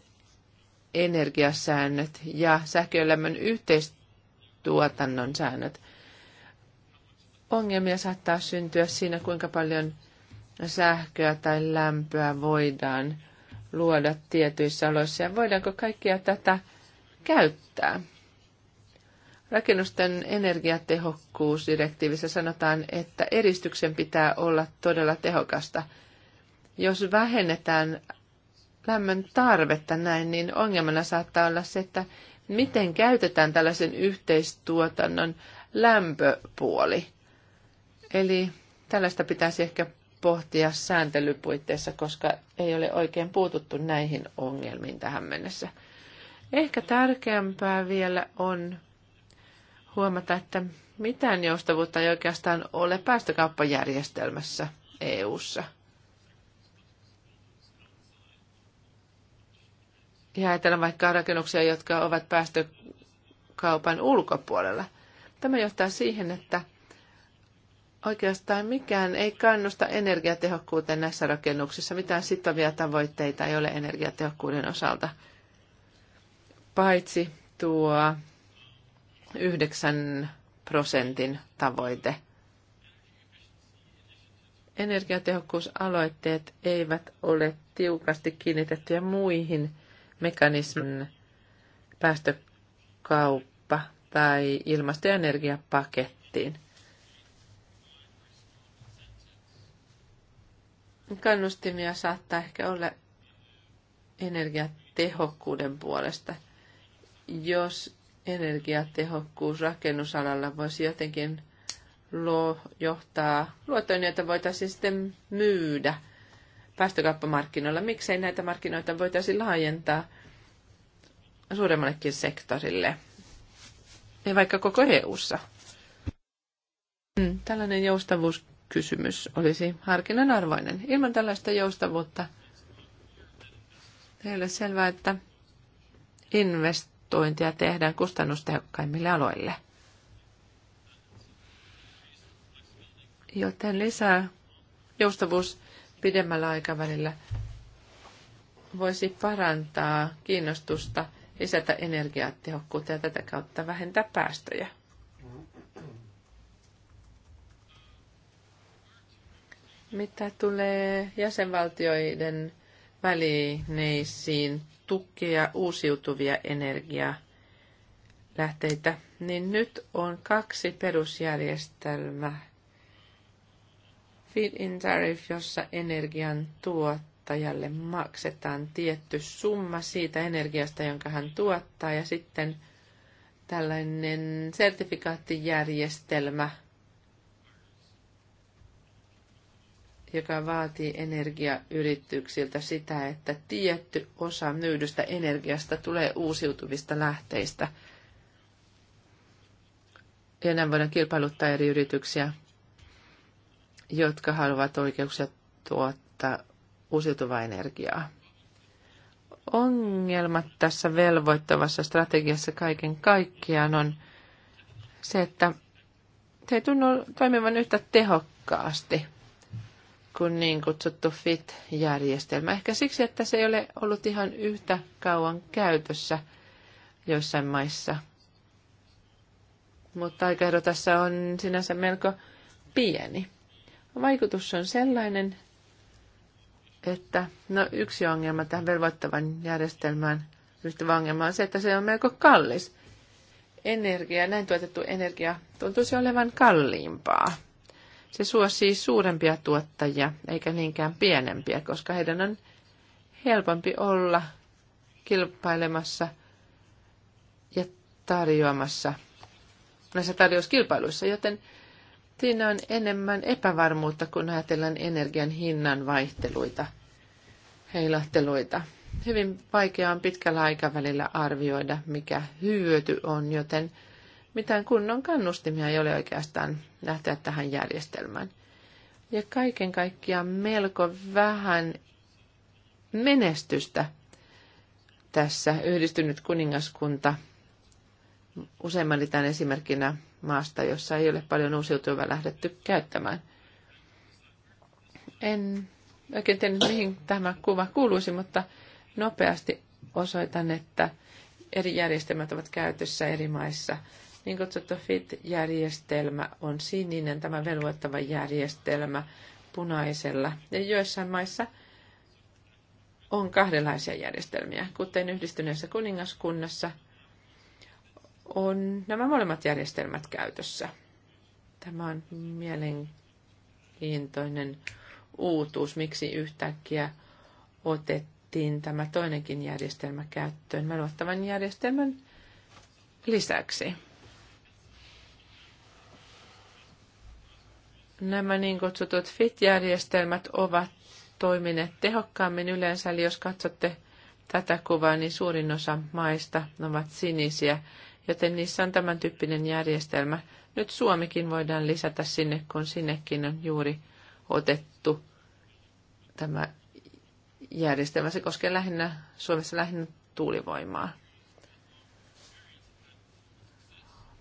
energiasäännöt ja sähköelämän yhteistuotannon säännöt. Ongelmia saattaa syntyä siinä, kuinka paljon sähköä tai lämpöä voidaan luoda tietyissä aloissa. ja voidaanko kaikkia tätä käyttää. Rakennusten energiatehokkuusdirektiivissä sanotaan, että eristyksen pitää olla todella tehokasta. Jos vähennetään lämmön tarvetta näin, niin ongelmana saattaa olla se, että miten käytetään tällaisen yhteistuotannon lämpöpuoli. Eli tällaista pitäisi ehkä pohtia sääntelypuitteissa, koska ei ole oikein puututtu näihin ongelmiin tähän mennessä. Ehkä tärkeämpää vielä on huomata, että mitään joustavuutta ei oikeastaan ole päästökauppajärjestelmässä EU:ssa. Ja ajatellaan vaikka rakennuksia, jotka ovat päästökaupan ulkopuolella. Tämä johtaa siihen, että oikeastaan mikään ei kannusta energiatehokkuuteen näissä rakennuksissa. Mitään sitovia tavoitteita ei ole energiatehokkuuden osalta. Paitsi tuo 9 prosentin tavoite. Energiatehokkuusaloitteet eivät ole tiukasti kiinnitettyjä muihin mekanismin päästökauppa tai ilmasto- ja energiapakettiin. Kannustimia saattaa ehkä olla energiatehokkuuden puolesta, jos energiatehokkuus rakennusalalla voisi jotenkin luo, johtaa luottoon, joita voitaisiin sitten myydä päästökauppamarkkinoilla. Miksei näitä markkinoita voitaisiin laajentaa suuremmallekin sektorille, ja vaikka koko EU-ssa. Hmm, tällainen joustavuuskysymys olisi harkinnan arvoinen. Ilman tällaista joustavuutta ei ole selvää, että invest raportointia tehdään kustannustehokkaimmille aloille. Joten lisää joustavuus pidemmällä aikavälillä voisi parantaa kiinnostusta, lisätä energiatehokkuutta ja tätä kautta vähentää päästöjä. Mitä tulee jäsenvaltioiden välineisiin tukea uusiutuvia energialähteitä, niin nyt on kaksi perusjärjestelmää. Feed-in tariff, jossa energian tuottajalle maksetaan tietty summa siitä energiasta, jonka hän tuottaa, ja sitten tällainen sertifikaattijärjestelmä – joka vaatii energiayrityksiltä sitä, että tietty osa myydystä energiasta tulee uusiutuvista lähteistä. Ja näin voidaan kilpailuttaa eri yrityksiä, jotka haluavat oikeuksia tuottaa uusiutuvaa energiaa. Ongelmat tässä velvoittavassa strategiassa kaiken kaikkiaan on se, että se ei tunnu toimivan yhtä tehokkaasti – kuin niin kutsuttu FIT-järjestelmä. Ehkä siksi, että se ei ole ollut ihan yhtä kauan käytössä joissain maissa. Mutta aikaero tässä on sinänsä melko pieni. Vaikutus on sellainen, että no yksi ongelma tähän velvoittavan järjestelmään yhtä ongelma on se, että se on melko kallis. Energia, näin tuotettu energia tuntuisi olevan kalliimpaa se suosii suurempia tuottajia eikä niinkään pienempiä, koska heidän on helpompi olla kilpailemassa ja tarjoamassa näissä tarjouskilpailuissa, joten siinä on enemmän epävarmuutta, kun ajatellaan energian hinnan vaihteluita, heilahteluita. Hyvin vaikea on pitkällä aikavälillä arvioida, mikä hyöty on, joten – mitään kunnon kannustimia ei ole oikeastaan lähteä tähän järjestelmään. Ja kaiken kaikkiaan melko vähän menestystä tässä yhdistynyt kuningaskunta useimman tämän esimerkkinä maasta, jossa ei ole paljon uusiutuvaa lähdetty käyttämään. En oikein tiedä, mihin tämä kuva kuuluisi, mutta nopeasti osoitan, että eri järjestelmät ovat käytössä eri maissa – niin kutsuttu FIT-järjestelmä on sininen, tämä velvoittava järjestelmä punaisella. Ja joissain maissa on kahdenlaisia järjestelmiä, kuten yhdistyneessä kuningaskunnassa on nämä molemmat järjestelmät käytössä. Tämä on mielenkiintoinen uutuus, miksi yhtäkkiä otettiin tämä toinenkin järjestelmä käyttöön velvoittavan järjestelmän lisäksi. Nämä niin kutsutut FIT-järjestelmät ovat toimineet tehokkaammin yleensä, eli jos katsotte tätä kuvaa, niin suurin osa maista ovat sinisiä, joten niissä on tämän tyyppinen järjestelmä. Nyt Suomikin voidaan lisätä sinne, kun sinnekin on juuri otettu tämä järjestelmä. Se koskee lähinnä, Suomessa lähinnä tuulivoimaa.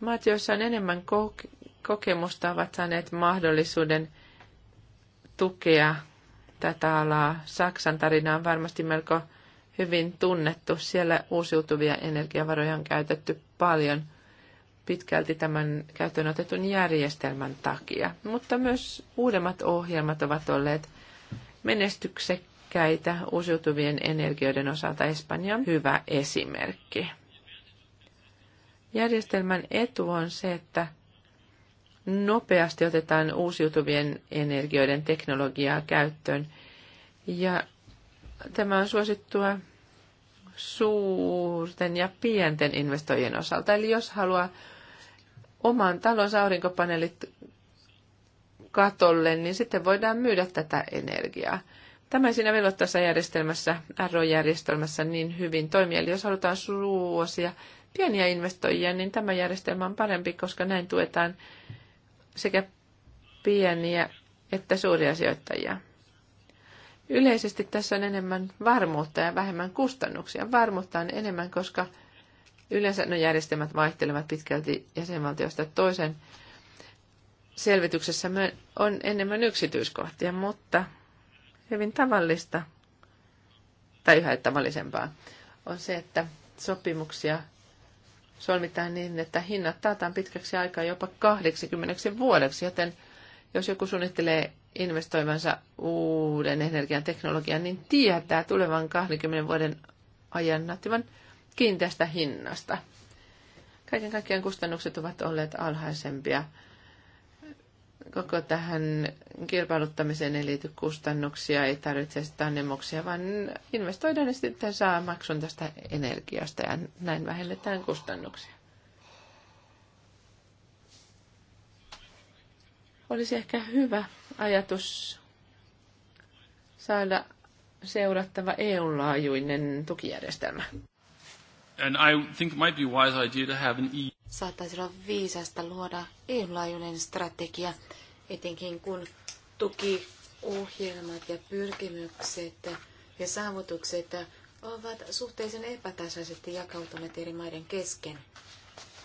Maat, joissa on enemmän kokemusta ovat saaneet mahdollisuuden tukea tätä alaa. Saksan tarina on varmasti melko hyvin tunnettu. Siellä uusiutuvia energiavaroja on käytetty paljon pitkälti tämän käyttöön otetun järjestelmän takia. Mutta myös uudemmat ohjelmat ovat olleet menestyksekkäitä uusiutuvien energioiden osalta. Espanja on hyvä esimerkki. Järjestelmän etu on se, että nopeasti otetaan uusiutuvien energioiden teknologiaa käyttöön. Ja tämä on suosittua suurten ja pienten investoijien osalta. Eli jos haluaa oman talon aurinkopaneelit katolle, niin sitten voidaan myydä tätä energiaa. Tämä ei siinä velvoittaessa järjestelmässä, RO-järjestelmässä niin hyvin toimi. Eli jos halutaan suosia pieniä investoijia, niin tämä järjestelmä on parempi, koska näin tuetaan sekä pieniä että suuria sijoittajia. Yleisesti tässä on enemmän varmuutta ja vähemmän kustannuksia. Varmuutta on enemmän, koska yleensä no järjestelmät vaihtelevat pitkälti jäsenvaltiosta toisen. Selvityksessä on enemmän yksityiskohtia, mutta hyvin tavallista tai yhä tavallisempaa on se, että sopimuksia solmitaan niin, että hinnat taataan pitkäksi aikaa jopa 80 vuodeksi, joten jos joku suunnittelee investoivansa uuden energian teknologian, niin tietää tulevan 20 vuoden ajan nattivan kiinteästä hinnasta. Kaiken kaikkiaan kustannukset ovat olleet alhaisempia koko tähän kilpailuttamiseen ei liity kustannuksia, ei tarvitse sitä annemuksia, vaan investoidaan ja sitten saa maksun tästä energiasta ja näin vähennetään kustannuksia. Olisi ehkä hyvä ajatus saada seurattava EU-laajuinen tukijärjestelmä. And I think it might be wise idea to have an e Saattaisi olla viisasta luoda EU-laajuinen strategia, etenkin kun tukiohjelmat ja pyrkimykset ja saavutukset ovat suhteellisen epätasaisesti jakautuneet eri maiden kesken.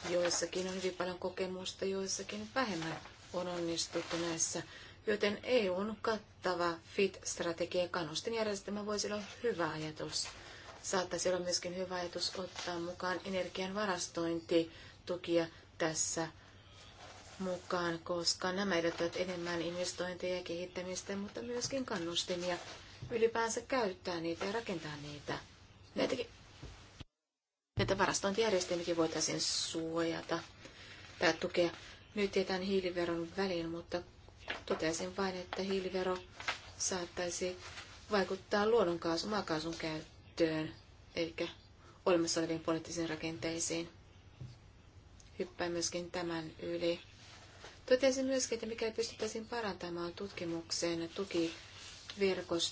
Joissakin on hyvin paljon kokemusta, joissakin vähemmän on onnistuttu näissä, joten EUn kattava FIT-strategia kannustinjärjestelmä voisi olla hyvä ajatus. Saattaisi olla myöskin hyvä ajatus ottaa mukaan energian varastointitukia tässä mukaan, koska nämä edellyttävät enemmän investointeja ja kehittämistä, mutta myöskin kannustimia ylipäänsä käyttää niitä ja rakentaa niitä. Näitäkin, näitä varastointijärjestelmiäkin voitaisiin suojata tai tukea. Nyt tietään hiiliveron väliin, mutta totesin vain, että hiilivero saattaisi vaikuttaa luonnonkaasun, maakaasun käyttöön käyttöön, eikä olemassa oleviin poliittisiin rakenteisiin. Hyppään myöskin tämän yli. Totesin myöskin, että mikäli pystyttäisiin parantamaan tutkimukseen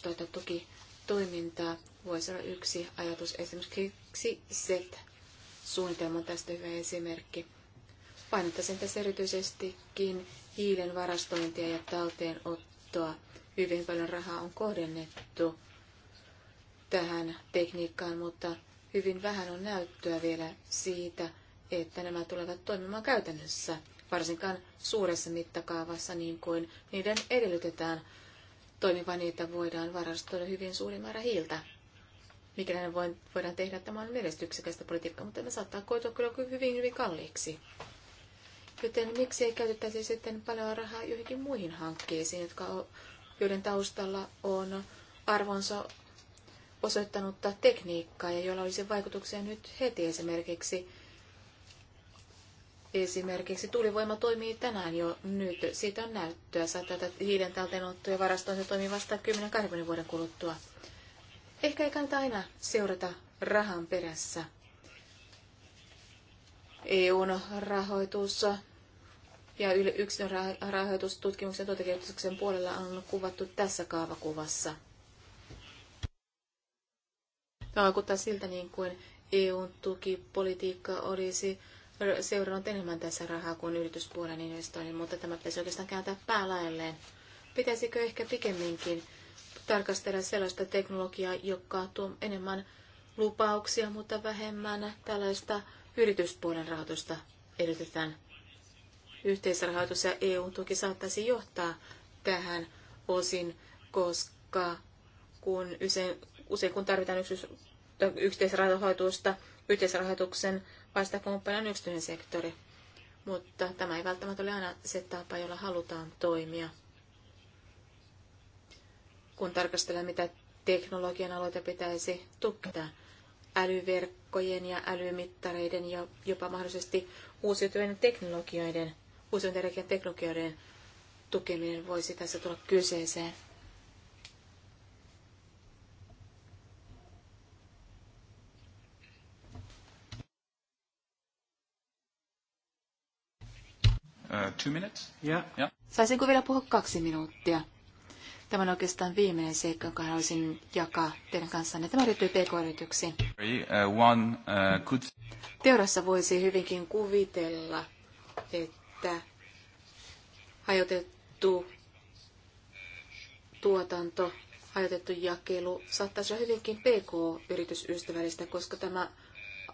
tai tukitoimintaa, voisi olla yksi ajatus. Esimerkiksi set suunnitelma on tästä hyvä esimerkki. Painottaisin tässä erityisestikin hiilen varastointia ja talteenottoa. Hyvin paljon rahaa on kohdennettu tähän tekniikkaan, mutta hyvin vähän on näyttöä vielä siitä, että nämä tulevat toimimaan käytännössä, varsinkaan suuressa mittakaavassa, niin kuin niiden edellytetään toimivan, niitä voidaan varastoida hyvin suuri määrä hiiltä. Mikä ne voidaan tehdä, tämä on menestyksekästä politiikkaa, mutta tämä saattaa koitua kyllä hyvin, hyvin kalliiksi. Joten miksi ei käytettäisi sitten paljon rahaa joihinkin muihin hankkeisiin, jotka, joiden taustalla on arvonsa osoittanutta tekniikkaa ja jolla olisi vaikutuksia nyt heti esimerkiksi Esimerkiksi tulivoima toimii tänään jo nyt. Siitä on näyttöä. saattaa tätä hiilen talteenottoa ja se toimii vasta 10-20 vuoden kuluttua. Ehkä ei kannata aina seurata rahan perässä. EUn rahoitus ja yksilön rahoitustutkimuksen ja puolella on kuvattu tässä kaavakuvassa vaikuttaa siltä niin kuin EUn tukipolitiikka olisi seurannut enemmän tässä rahaa kuin yrityspuolen investoinnin, mutta tämä pitäisi oikeastaan kääntää päälaelleen. Pitäisikö ehkä pikemminkin tarkastella sellaista teknologiaa, joka tuo enemmän lupauksia, mutta vähemmän tällaista yrityspuolen rahoitusta edellytetään. Yhteisrahoitus ja EU-tuki saattaisi johtaa tähän osin, koska kun usein usein kun tarvitaan yksityis- yhteisrahoitusta, yhteisrahoituksen kumppana on yksityinen sektori. Mutta tämä ei välttämättä ole aina se tapa, jolla halutaan toimia. Kun tarkastellaan, mitä teknologian aloita pitäisi tukea, älyverkkojen ja älymittareiden ja jopa mahdollisesti uusiutuvien teknologioiden, uusiutuvien teknologioiden tukeminen voisi tässä tulla kyseeseen. Äh, two minutes? Yeah. yeah. Saisinko vielä puhua kaksi minuuttia? Tämä on oikeastaan viimeinen seikka, jonka haluaisin jakaa teidän kanssanne. Tämä liittyy pk-yrityksiin. Uh, uh Teorassa voisi hyvinkin kuvitella, että hajotettu tuotanto, hajotettu jakelu saattaisi olla hyvinkin pk-yritysystävällistä, koska tämä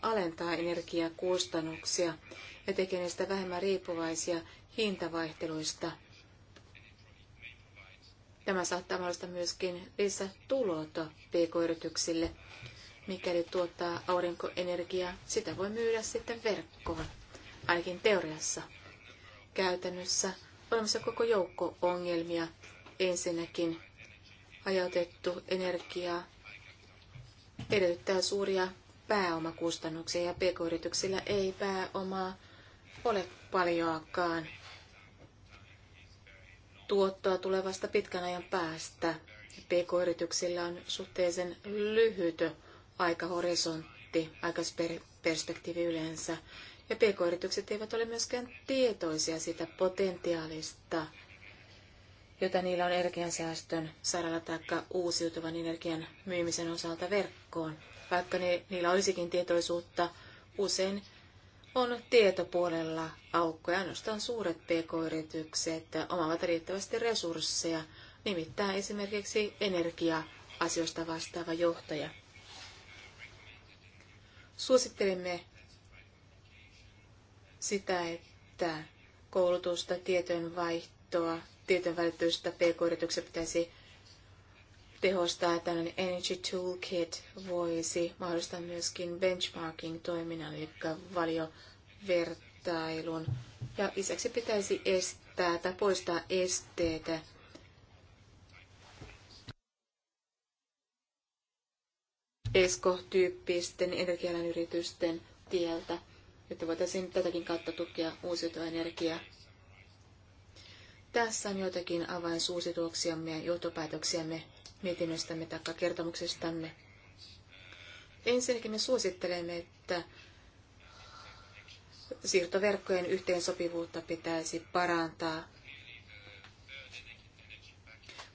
alentaa energiakustannuksia ja tekee niistä vähemmän riippuvaisia hintavaihteluista. Tämä saattaa mahdollista myöskin lisätulot pk-yrityksille, mikäli tuottaa aurinkoenergiaa. Sitä voi myydä sitten verkkoon, ainakin teoriassa. Käytännössä olemassa koko joukko ongelmia. Ensinnäkin hajautettu energia edellyttää suuria pääomakustannuksia ja pk-yrityksillä ei pääomaa ole paljoakaan tuottoa tulevasta pitkän ajan päästä. PK-yrityksillä on suhteellisen lyhyt aikahorisontti, aikaisperspektiivi yleensä. Ja PK-yritykset eivät ole myöskään tietoisia sitä potentiaalista, jota niillä on energiansäästön saralla tai uusiutuvan energian myymisen osalta verkkoon. Vaikka ne, niillä olisikin tietoisuutta, usein on tietopuolella aukkoja. Ainoastaan suuret pk-yritykset omaavat riittävästi resursseja, nimittäin esimerkiksi energia-asioista vastaava johtaja. Suosittelimme sitä, että koulutusta, tietojen vaihtoa, tietojen välitystä pk-yritykset pitäisi tehostaa, että tällainen Energy Toolkit voisi mahdollistaa myöskin benchmarking-toiminnan, eli valiovertailun. Ja lisäksi pitäisi estää tai poistaa esteitä ESCO-tyyppisten energialan yritysten tieltä, jotta voitaisiin tätäkin kautta tukea uusiutuvaa energiaa. Tässä on joitakin avainsuosituksiamme ja johtopäätöksiämme mietinnöstämme tai kertomuksestamme. Ensinnäkin me suosittelemme, että siirtoverkkojen yhteensopivuutta pitäisi parantaa.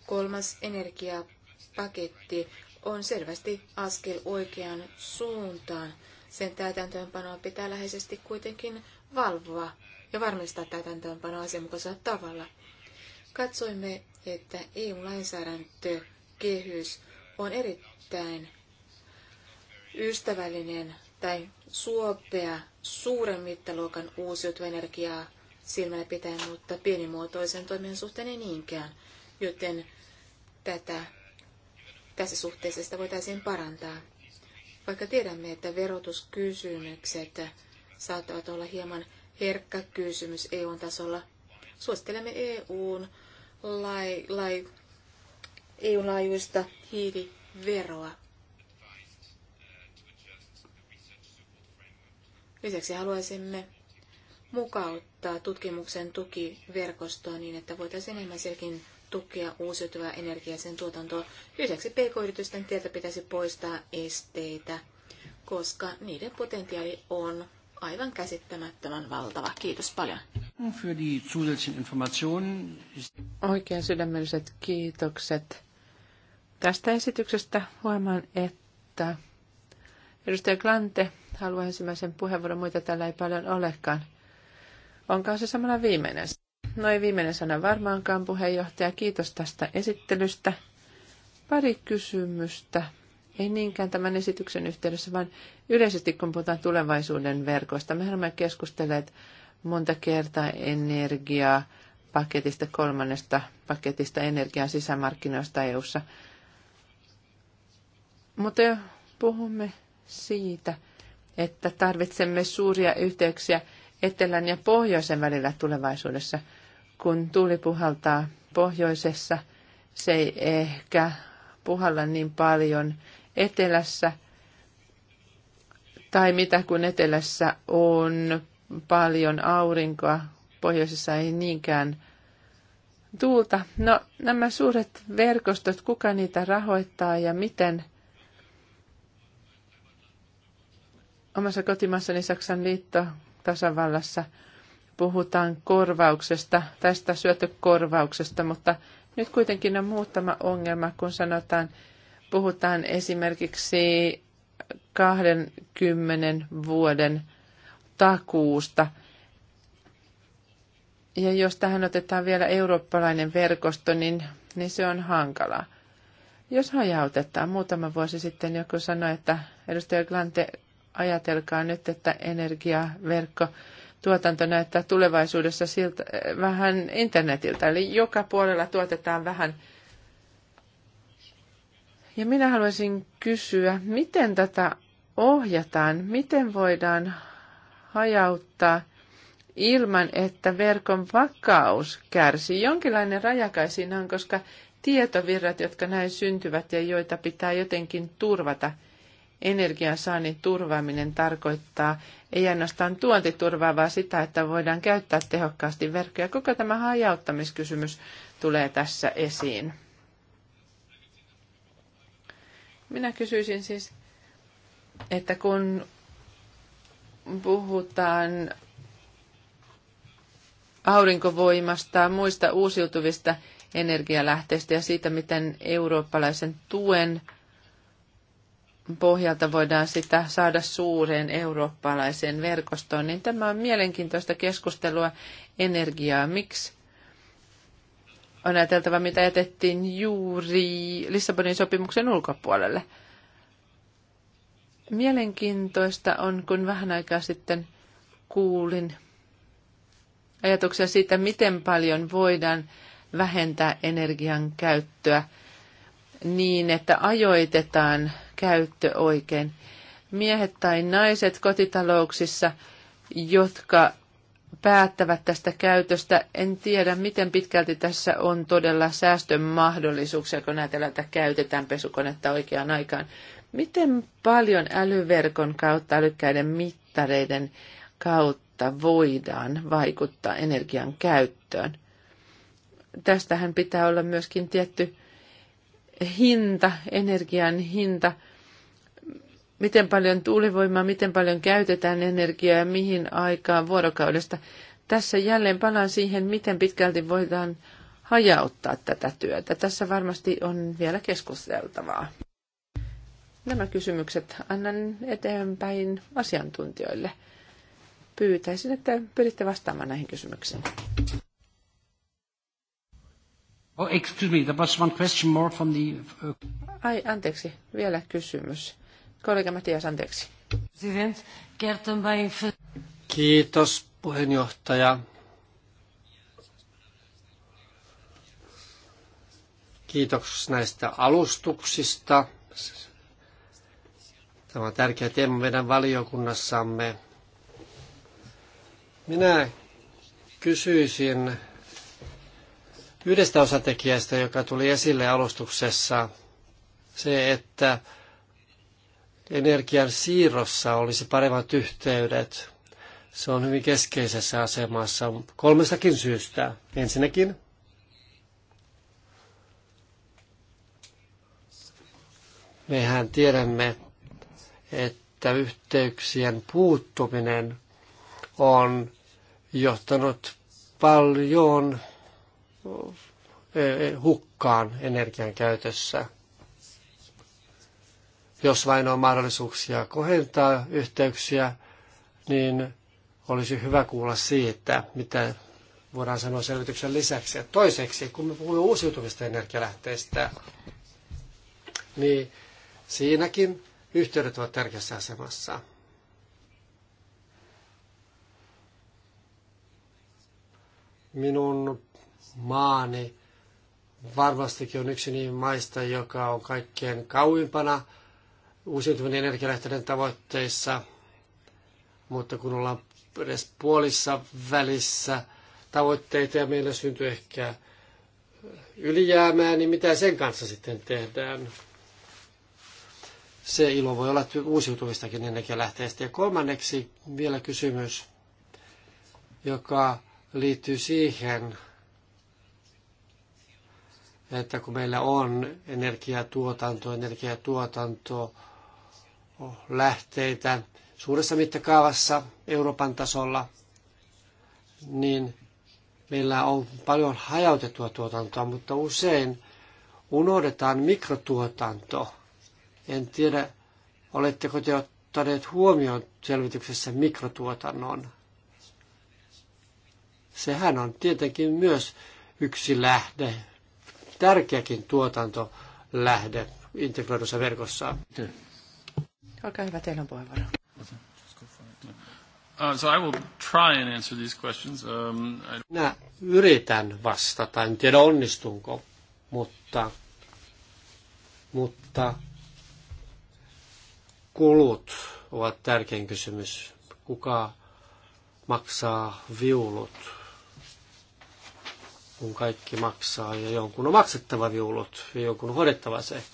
Kolmas energiapaketti on selvästi askel oikeaan suuntaan. Sen täytäntöönpanoa pitää läheisesti kuitenkin valvoa ja varmistaa täytäntöönpanoa asianmukaisella tavalla. Katsoimme, että EU-lainsäädäntö kehys on erittäin ystävällinen tai suopea suuren mittaluokan uusiutuva energiaa silmällä pitäen, mutta pienimuotoisen toimien suhteen ei niinkään, joten tätä, tässä suhteessa sitä voitaisiin parantaa. Vaikka tiedämme, että verotuskysymykset saattavat olla hieman herkkä kysymys eu tasolla, suosittelemme eu lai, lai, EU-laajuista hiiliveroa. Lisäksi haluaisimme mukauttaa tutkimuksen tukiverkostoa niin, että voitaisiin enemmän sielläkin tukea uusiutuvaa energiaa sen tuotantoa. Lisäksi pk-yritysten tieltä pitäisi poistaa esteitä, koska niiden potentiaali on aivan käsittämättömän valtava. Kiitos paljon. Oikein sydämelliset kiitokset tästä esityksestä huomaan, että edustaja Klante haluaa ensimmäisen puheenvuoron, muita täällä ei paljon olekaan. Onkaan se samalla viimeinen? No ei viimeinen sana varmaankaan, puheenjohtaja. Kiitos tästä esittelystä. Pari kysymystä. Ei niinkään tämän esityksen yhteydessä, vaan yleisesti kun puhutaan tulevaisuuden verkoista. Me olemme keskustelleet monta kertaa energiaa, paketista, kolmannesta paketista energian sisämarkkinoista EU-ssa. Mutta puhumme siitä, että tarvitsemme suuria yhteyksiä etelän ja pohjoisen välillä tulevaisuudessa. Kun tuuli puhaltaa pohjoisessa, se ei ehkä puhalla niin paljon etelässä, tai mitä kun etelässä on paljon aurinkoa, pohjoisessa ei niinkään tuulta. No nämä suuret verkostot, kuka niitä rahoittaa ja miten – omassa kotimaassani Saksan liitto tasavallassa puhutaan korvauksesta, tästä syötökorvauksesta, mutta nyt kuitenkin on muutama ongelma, kun sanotaan, puhutaan esimerkiksi 20 vuoden takuusta. Ja jos tähän otetaan vielä eurooppalainen verkosto, niin, niin se on hankalaa. Jos hajautetaan, muutama vuosi sitten joku sanoi, että edustaja Glante Ajatelkaa nyt, että energiaverkko tuotanto näyttää tulevaisuudessa siltä, eh, vähän internetiltä, eli joka puolella tuotetaan vähän. Ja minä haluaisin kysyä, miten tätä ohjataan, miten voidaan hajauttaa ilman, että verkon vakaus kärsii. Jonkinlainen rajakai siinä on, koska tietovirrat, jotka näin syntyvät ja joita pitää jotenkin turvata – energiansaannin turvaaminen tarkoittaa ei ainoastaan tuontiturvaa, vaan sitä, että voidaan käyttää tehokkaasti verkkoja. Koko tämä hajauttamiskysymys tulee tässä esiin. Minä kysyisin siis, että kun puhutaan aurinkovoimasta, muista uusiutuvista energialähteistä ja siitä, miten eurooppalaisen tuen – pohjalta voidaan sitä saada suureen eurooppalaiseen verkostoon, niin tämä on mielenkiintoista keskustelua energiaa. Miksi? On ajateltava, mitä jätettiin juuri Lissabonin sopimuksen ulkopuolelle. Mielenkiintoista on, kun vähän aikaa sitten kuulin ajatuksia siitä, miten paljon voidaan vähentää energian käyttöä niin, että ajoitetaan – käyttö oikein. Miehet tai naiset kotitalouksissa, jotka päättävät tästä käytöstä. En tiedä, miten pitkälti tässä on todella säästön mahdollisuuksia, kun ajatellaan, että käytetään pesukonetta oikeaan aikaan. Miten paljon älyverkon kautta, älykkäiden mittareiden kautta voidaan vaikuttaa energian käyttöön? Tästähän pitää olla myöskin tietty hinta, energian hinta, miten paljon tuulivoimaa, miten paljon käytetään energiaa ja mihin aikaan vuorokaudesta. Tässä jälleen palaan siihen, miten pitkälti voidaan hajauttaa tätä työtä. Tässä varmasti on vielä keskusteltavaa. Nämä kysymykset annan eteenpäin asiantuntijoille. Pyytäisin, että pyritte vastaamaan näihin kysymyksiin. Oh, excuse me, there was one question more from the... Uh, Ai, anteeksi, vielä kysymys. Kollega Matias, anteeksi. Kiitos, puheenjohtaja. Kiitos näistä alustuksista. Tämä on tärkeä teema meidän valiokunnassamme. Minä kysyisin yhdestä osatekijästä, joka tuli esille alustuksessa, se, että energian siirrossa olisi paremmat yhteydet. Se on hyvin keskeisessä asemassa kolmestakin syystä. Ensinnäkin mehän tiedämme, että yhteyksien puuttuminen on johtanut paljon Eh, eh, hukkaan energian käytössä. Jos vain on mahdollisuuksia kohentaa yhteyksiä, niin olisi hyvä kuulla siitä, mitä voidaan sanoa selvityksen lisäksi. Ja toiseksi, kun me puhumme uusiutuvista energialähteistä, niin siinäkin yhteydet ovat tärkeässä asemassa. Minun maani varmastikin on yksi niin maista, joka on kaikkein kauimpana uusiutuvien energialähteiden tavoitteissa, mutta kun ollaan edes puolissa välissä tavoitteita ja meillä syntyy ehkä ylijäämää, niin mitä sen kanssa sitten tehdään? Se ilo voi olla uusiutuvistakin energialähteistä. Ja kolmanneksi vielä kysymys, joka liittyy siihen, että kun meillä on energiatuotanto, energiatuotanto lähteitä suuressa mittakaavassa Euroopan tasolla, niin meillä on paljon hajautettua tuotantoa, mutta usein unohdetaan mikrotuotanto. En tiedä, oletteko te ottaneet huomioon selvityksessä mikrotuotannon. Sehän on tietenkin myös yksi lähde tärkeäkin tuotantolähde integroidussa verkossa. Olkaa hyvä, teillä on puheenvuoro. Uh, so I will try and answer these questions. Um, I... Minä yritän vastata, en tiedä onnistunko, mutta, mutta kulut ovat tärkein kysymys. Kuka maksaa viulut? kun kaikki maksaa ja jonkun on maksettava viulut ja jonkun on hoidettava se.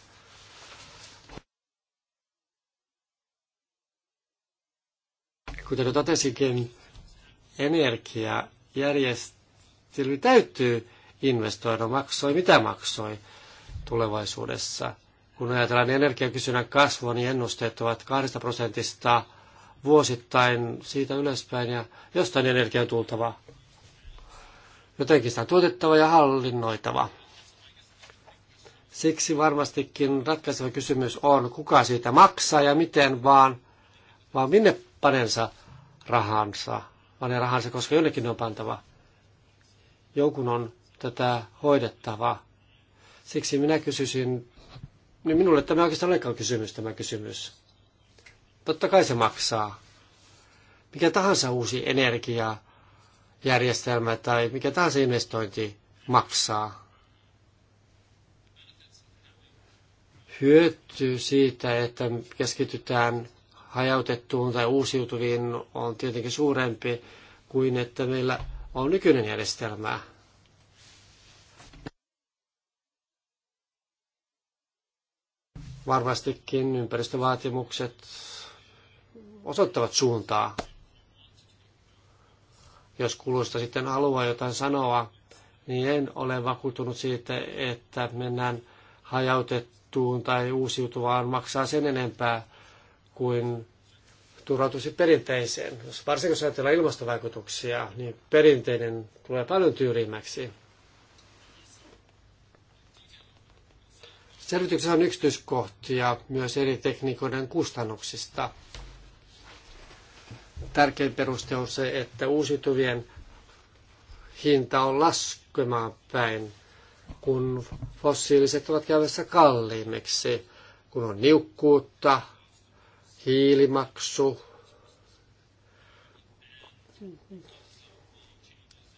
Kuten jo totesikin, energiajärjestely täytyy investoida, maksoi mitä maksoi tulevaisuudessa. Kun ajatellaan energiakysynnän kasvua, niin ennusteet ovat 2 prosentista vuosittain siitä ylöspäin ja jostain energian tultava Jotenkin sitä tuotettava ja hallinnoitava. Siksi varmastikin ratkaiseva kysymys on, kuka siitä maksaa ja miten vaan, vaan minne panensa rahansa, panee rahansa, koska jonnekin on pantava. Jonkun on tätä hoidettava. Siksi minä kysyisin, niin minulle tämä oikeastaan olekaan kysymys, tämä kysymys. Totta kai se maksaa. Mikä tahansa uusi energia järjestelmä tai mikä tahansa investointi maksaa. Hyöty siitä, että keskitytään hajautettuun tai uusiutuviin on tietenkin suurempi kuin että meillä on nykyinen järjestelmä. Varmastikin ympäristövaatimukset osoittavat suuntaa. Jos kulusta sitten haluaa jotain sanoa, niin en ole vakuuttunut siitä, että mennään hajautettuun tai uusiutuvaan maksaa sen enempää kuin turvautuisi perinteiseen. Jos varsinkin jos ajatellaan ilmastovaikutuksia, niin perinteinen tulee paljon tyyrimmäksi. Selvityksessä on yksityiskohtia myös eri tekniikoiden kustannuksista – tärkein peruste on se, että uusiutuvien hinta on laskemaan päin, kun fossiiliset ovat käymässä kalliimmiksi, kun on niukkuutta, hiilimaksu,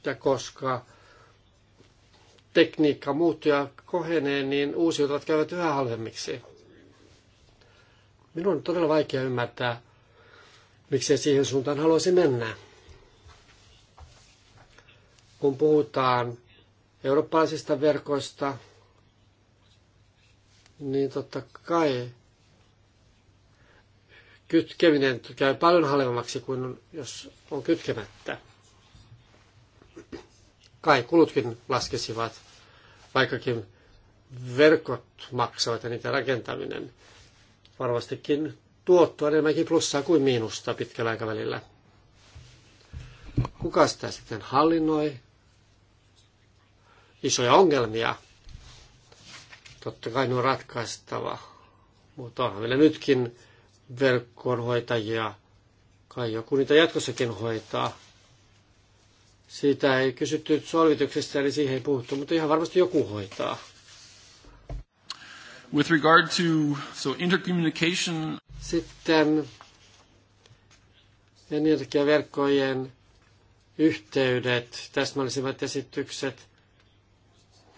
ja koska tekniikka muuttuu ja kohenee, niin uusiutuvat käyvät yhä halvemmiksi. Minun on todella vaikea ymmärtää, se siihen suuntaan haluaisi mennä. Kun puhutaan eurooppalaisista verkoista, niin totta kai kytkeminen käy paljon halvemmaksi kuin jos on kytkemättä. Kai kulutkin laskesivat, vaikkakin verkot maksavat ja niitä rakentaminen varmastikin tuottoa enemmänkin plussaa kuin miinusta pitkällä aikavälillä. Kuka sitä sitten hallinnoi? Isoja ongelmia. Totta kai ne on ratkaistava. Mutta onhan meillä nytkin verkkoonhoitajia. Kai joku niitä jatkossakin hoitaa. Siitä ei kysytty solvituksesta, eli siihen ei puhuttu, mutta ihan varmasti joku hoitaa. With regard to so intercommunication. Sitten energiaverkkojen yhteydet, täsmällisimmät esitykset.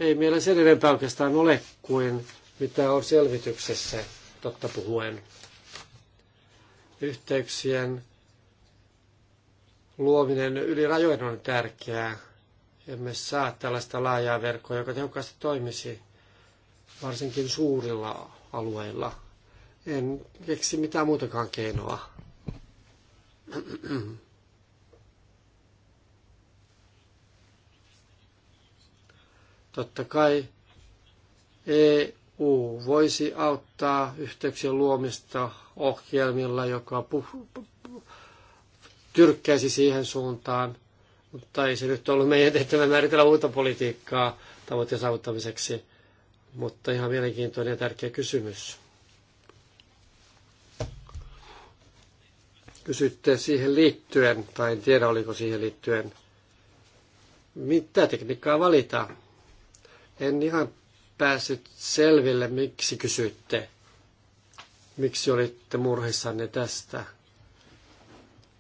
Ei meillä sen enempää oikeastaan ole kuin mitä on selvityksessä, totta puhuen. Yhteyksien luominen yli rajojen on tärkeää. Emme saa tällaista laajaa verkkoa, joka tehokkaasti toimisi varsinkin suurilla alueilla. En keksi mitään muutakaan keinoa. Totta kai EU voisi auttaa yhteyksien luomista ohjelmilla, joka puh- tyrkkäisi siihen suuntaan, mutta ei se nyt ollut meidän tehtävä määritellä uutta politiikkaa tavoitteen saavuttamiseksi mutta ihan mielenkiintoinen ja tärkeä kysymys. Kysytte siihen liittyen, tai en tiedä oliko siihen liittyen, mitä tekniikkaa valita. En ihan päässyt selville, miksi kysytte. Miksi olitte murhissanne tästä?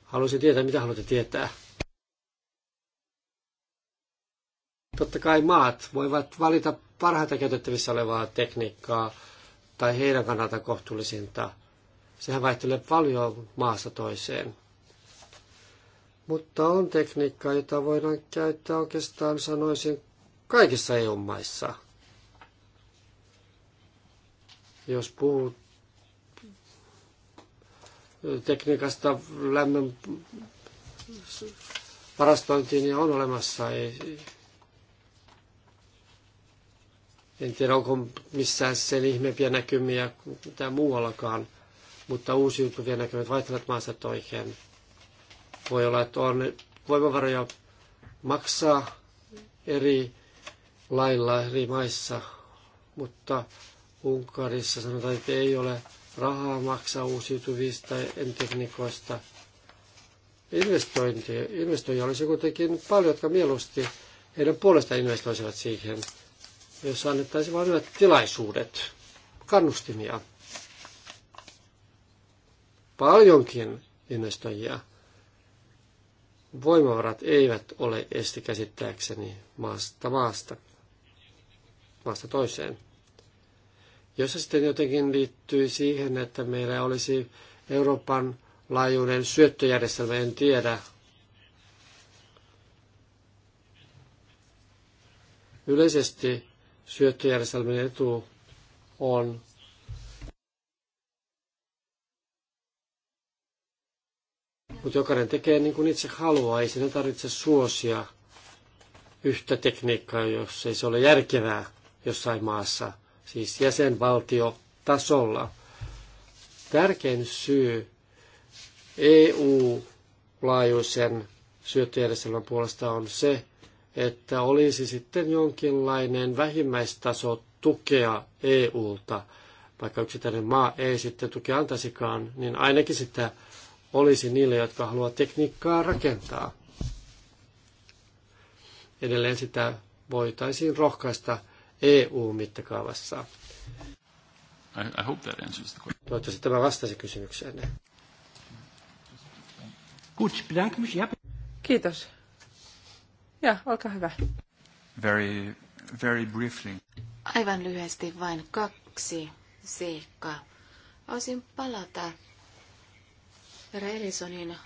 Haluaisin tietää, mitä haluatte tietää. Totta kai maat voivat valita parhaita käytettävissä olevaa tekniikkaa tai heidän kannalta kohtuullisinta. Sehän vaihtelee paljon maasta toiseen. Mutta on tekniikkaa, jota voidaan käyttää oikeastaan sanoisin kaikissa EU-maissa. Jos puhuu tekniikasta lämmön varastointiin, niin on olemassa ei en tiedä, onko missään sen ihmeempiä näkymiä kuin mitään muuallakaan, mutta uusiutuvia näkymät vaihtelevat maasta toikeen. Voi olla, että on voimavaroja maksaa eri lailla eri maissa, mutta Unkarissa sanotaan, että ei ole rahaa maksaa uusiutuvista entekniikoista. Investointi, investoijia olisi kuitenkin paljon, jotka mieluusti heidän puolestaan investoisivat siihen jos annettaisiin vain hyvät tilaisuudet, kannustimia, paljonkin investoijia. Voimavarat eivät ole esti käsittääkseni maasta maasta, maasta toiseen. Jos se sitten jotenkin liittyy siihen, että meillä olisi Euroopan laajuinen syöttöjärjestelmä, en tiedä. Yleisesti syöttöjärjestelmän etu on Mutta jokainen tekee niin kuin itse haluaa, ei sinne tarvitse suosia yhtä tekniikkaa, jos ei se ole järkevää jossain maassa, siis jäsenvaltiotasolla. Tärkein syy EU-laajuisen syöttöjärjestelmän puolesta on se, että olisi sitten jonkinlainen vähimmäistaso tukea EUlta, vaikka yksittäinen maa ei sitten tukea antaisikaan, niin ainakin sitä olisi niille, jotka haluaa tekniikkaa rakentaa. Edelleen sitä voitaisiin rohkaista EU-mittakaavassa. I, I hope that answers the question. Toivottavasti tämä vastasi kysymykseenne. Kiitos olkaa hyvä. Very, very briefly. Aivan lyhyesti vain kaksi seikkaa. Olisin palata herra Elisonin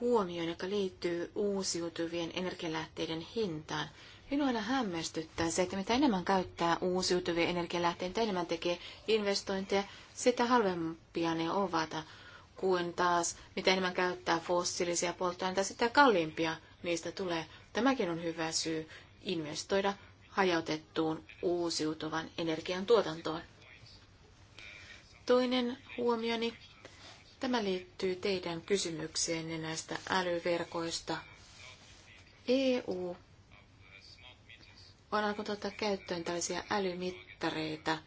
huomioon, joka liittyy uusiutuvien energialähteiden hintaan. Minua aina hämmästyttää se, että mitä enemmän käyttää uusiutuvia energialähteitä, mitä enemmän tekee investointeja, sitä halvempia ne ovat kuin taas, mitä enemmän käyttää fossiilisia polttoaineita, sitä kalliimpia niistä tulee. Tämäkin on hyvä syy investoida hajautettuun uusiutuvan energian tuotantoon. Toinen huomioni. Tämä liittyy teidän kysymykseenne näistä älyverkoista. EU on alkanut ottaa käyttöön tällaisia älymittareita.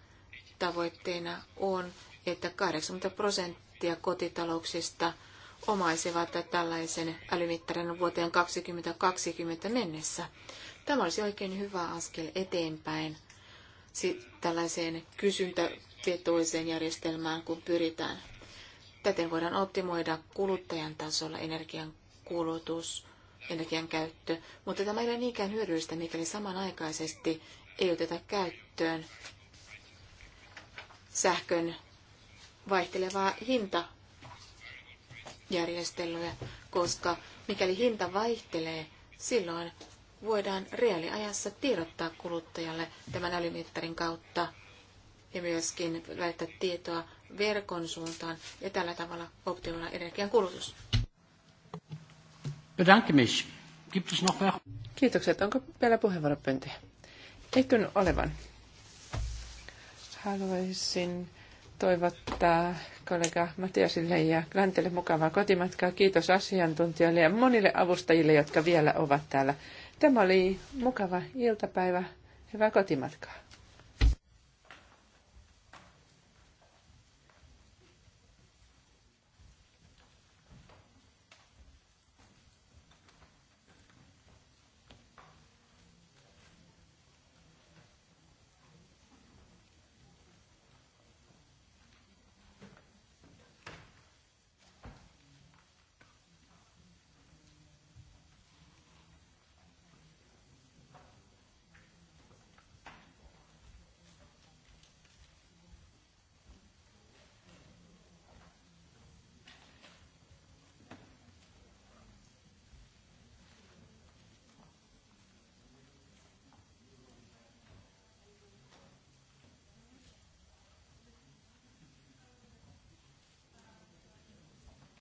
Tavoitteena on, että 80 prosenttia kotitalouksista – omaisivat tällaisen älymittarin vuoteen 2020 mennessä. Tämä olisi oikein hyvä askel eteenpäin tällaiseen kysyntävetoiseen järjestelmään, kun pyritään. Täten voidaan optimoida kuluttajan tasolla energian kulutus, energian käyttö, mutta tämä ei ole niinkään hyödyllistä, mikäli samanaikaisesti ei oteta käyttöön sähkön vaihtelevaa hinta järjestelyjä, koska mikäli hinta vaihtelee, silloin voidaan reaaliajassa tiedottaa kuluttajalle tämän älymittarin kautta ja myöskin välittää tietoa verkon suuntaan ja tällä tavalla optimoida energian kulutus. Bedanke mich. Gibt es noch mehr? Kiitokset. Onko vielä puheenvuoropyyntöjä? Eikö olevan? Haluaisin toivottaa kollega Matiasille ja Grantille mukavaa kotimatkaa. Kiitos asiantuntijoille ja monille avustajille, jotka vielä ovat täällä. Tämä oli mukava iltapäivä. Hyvää kotimatkaa.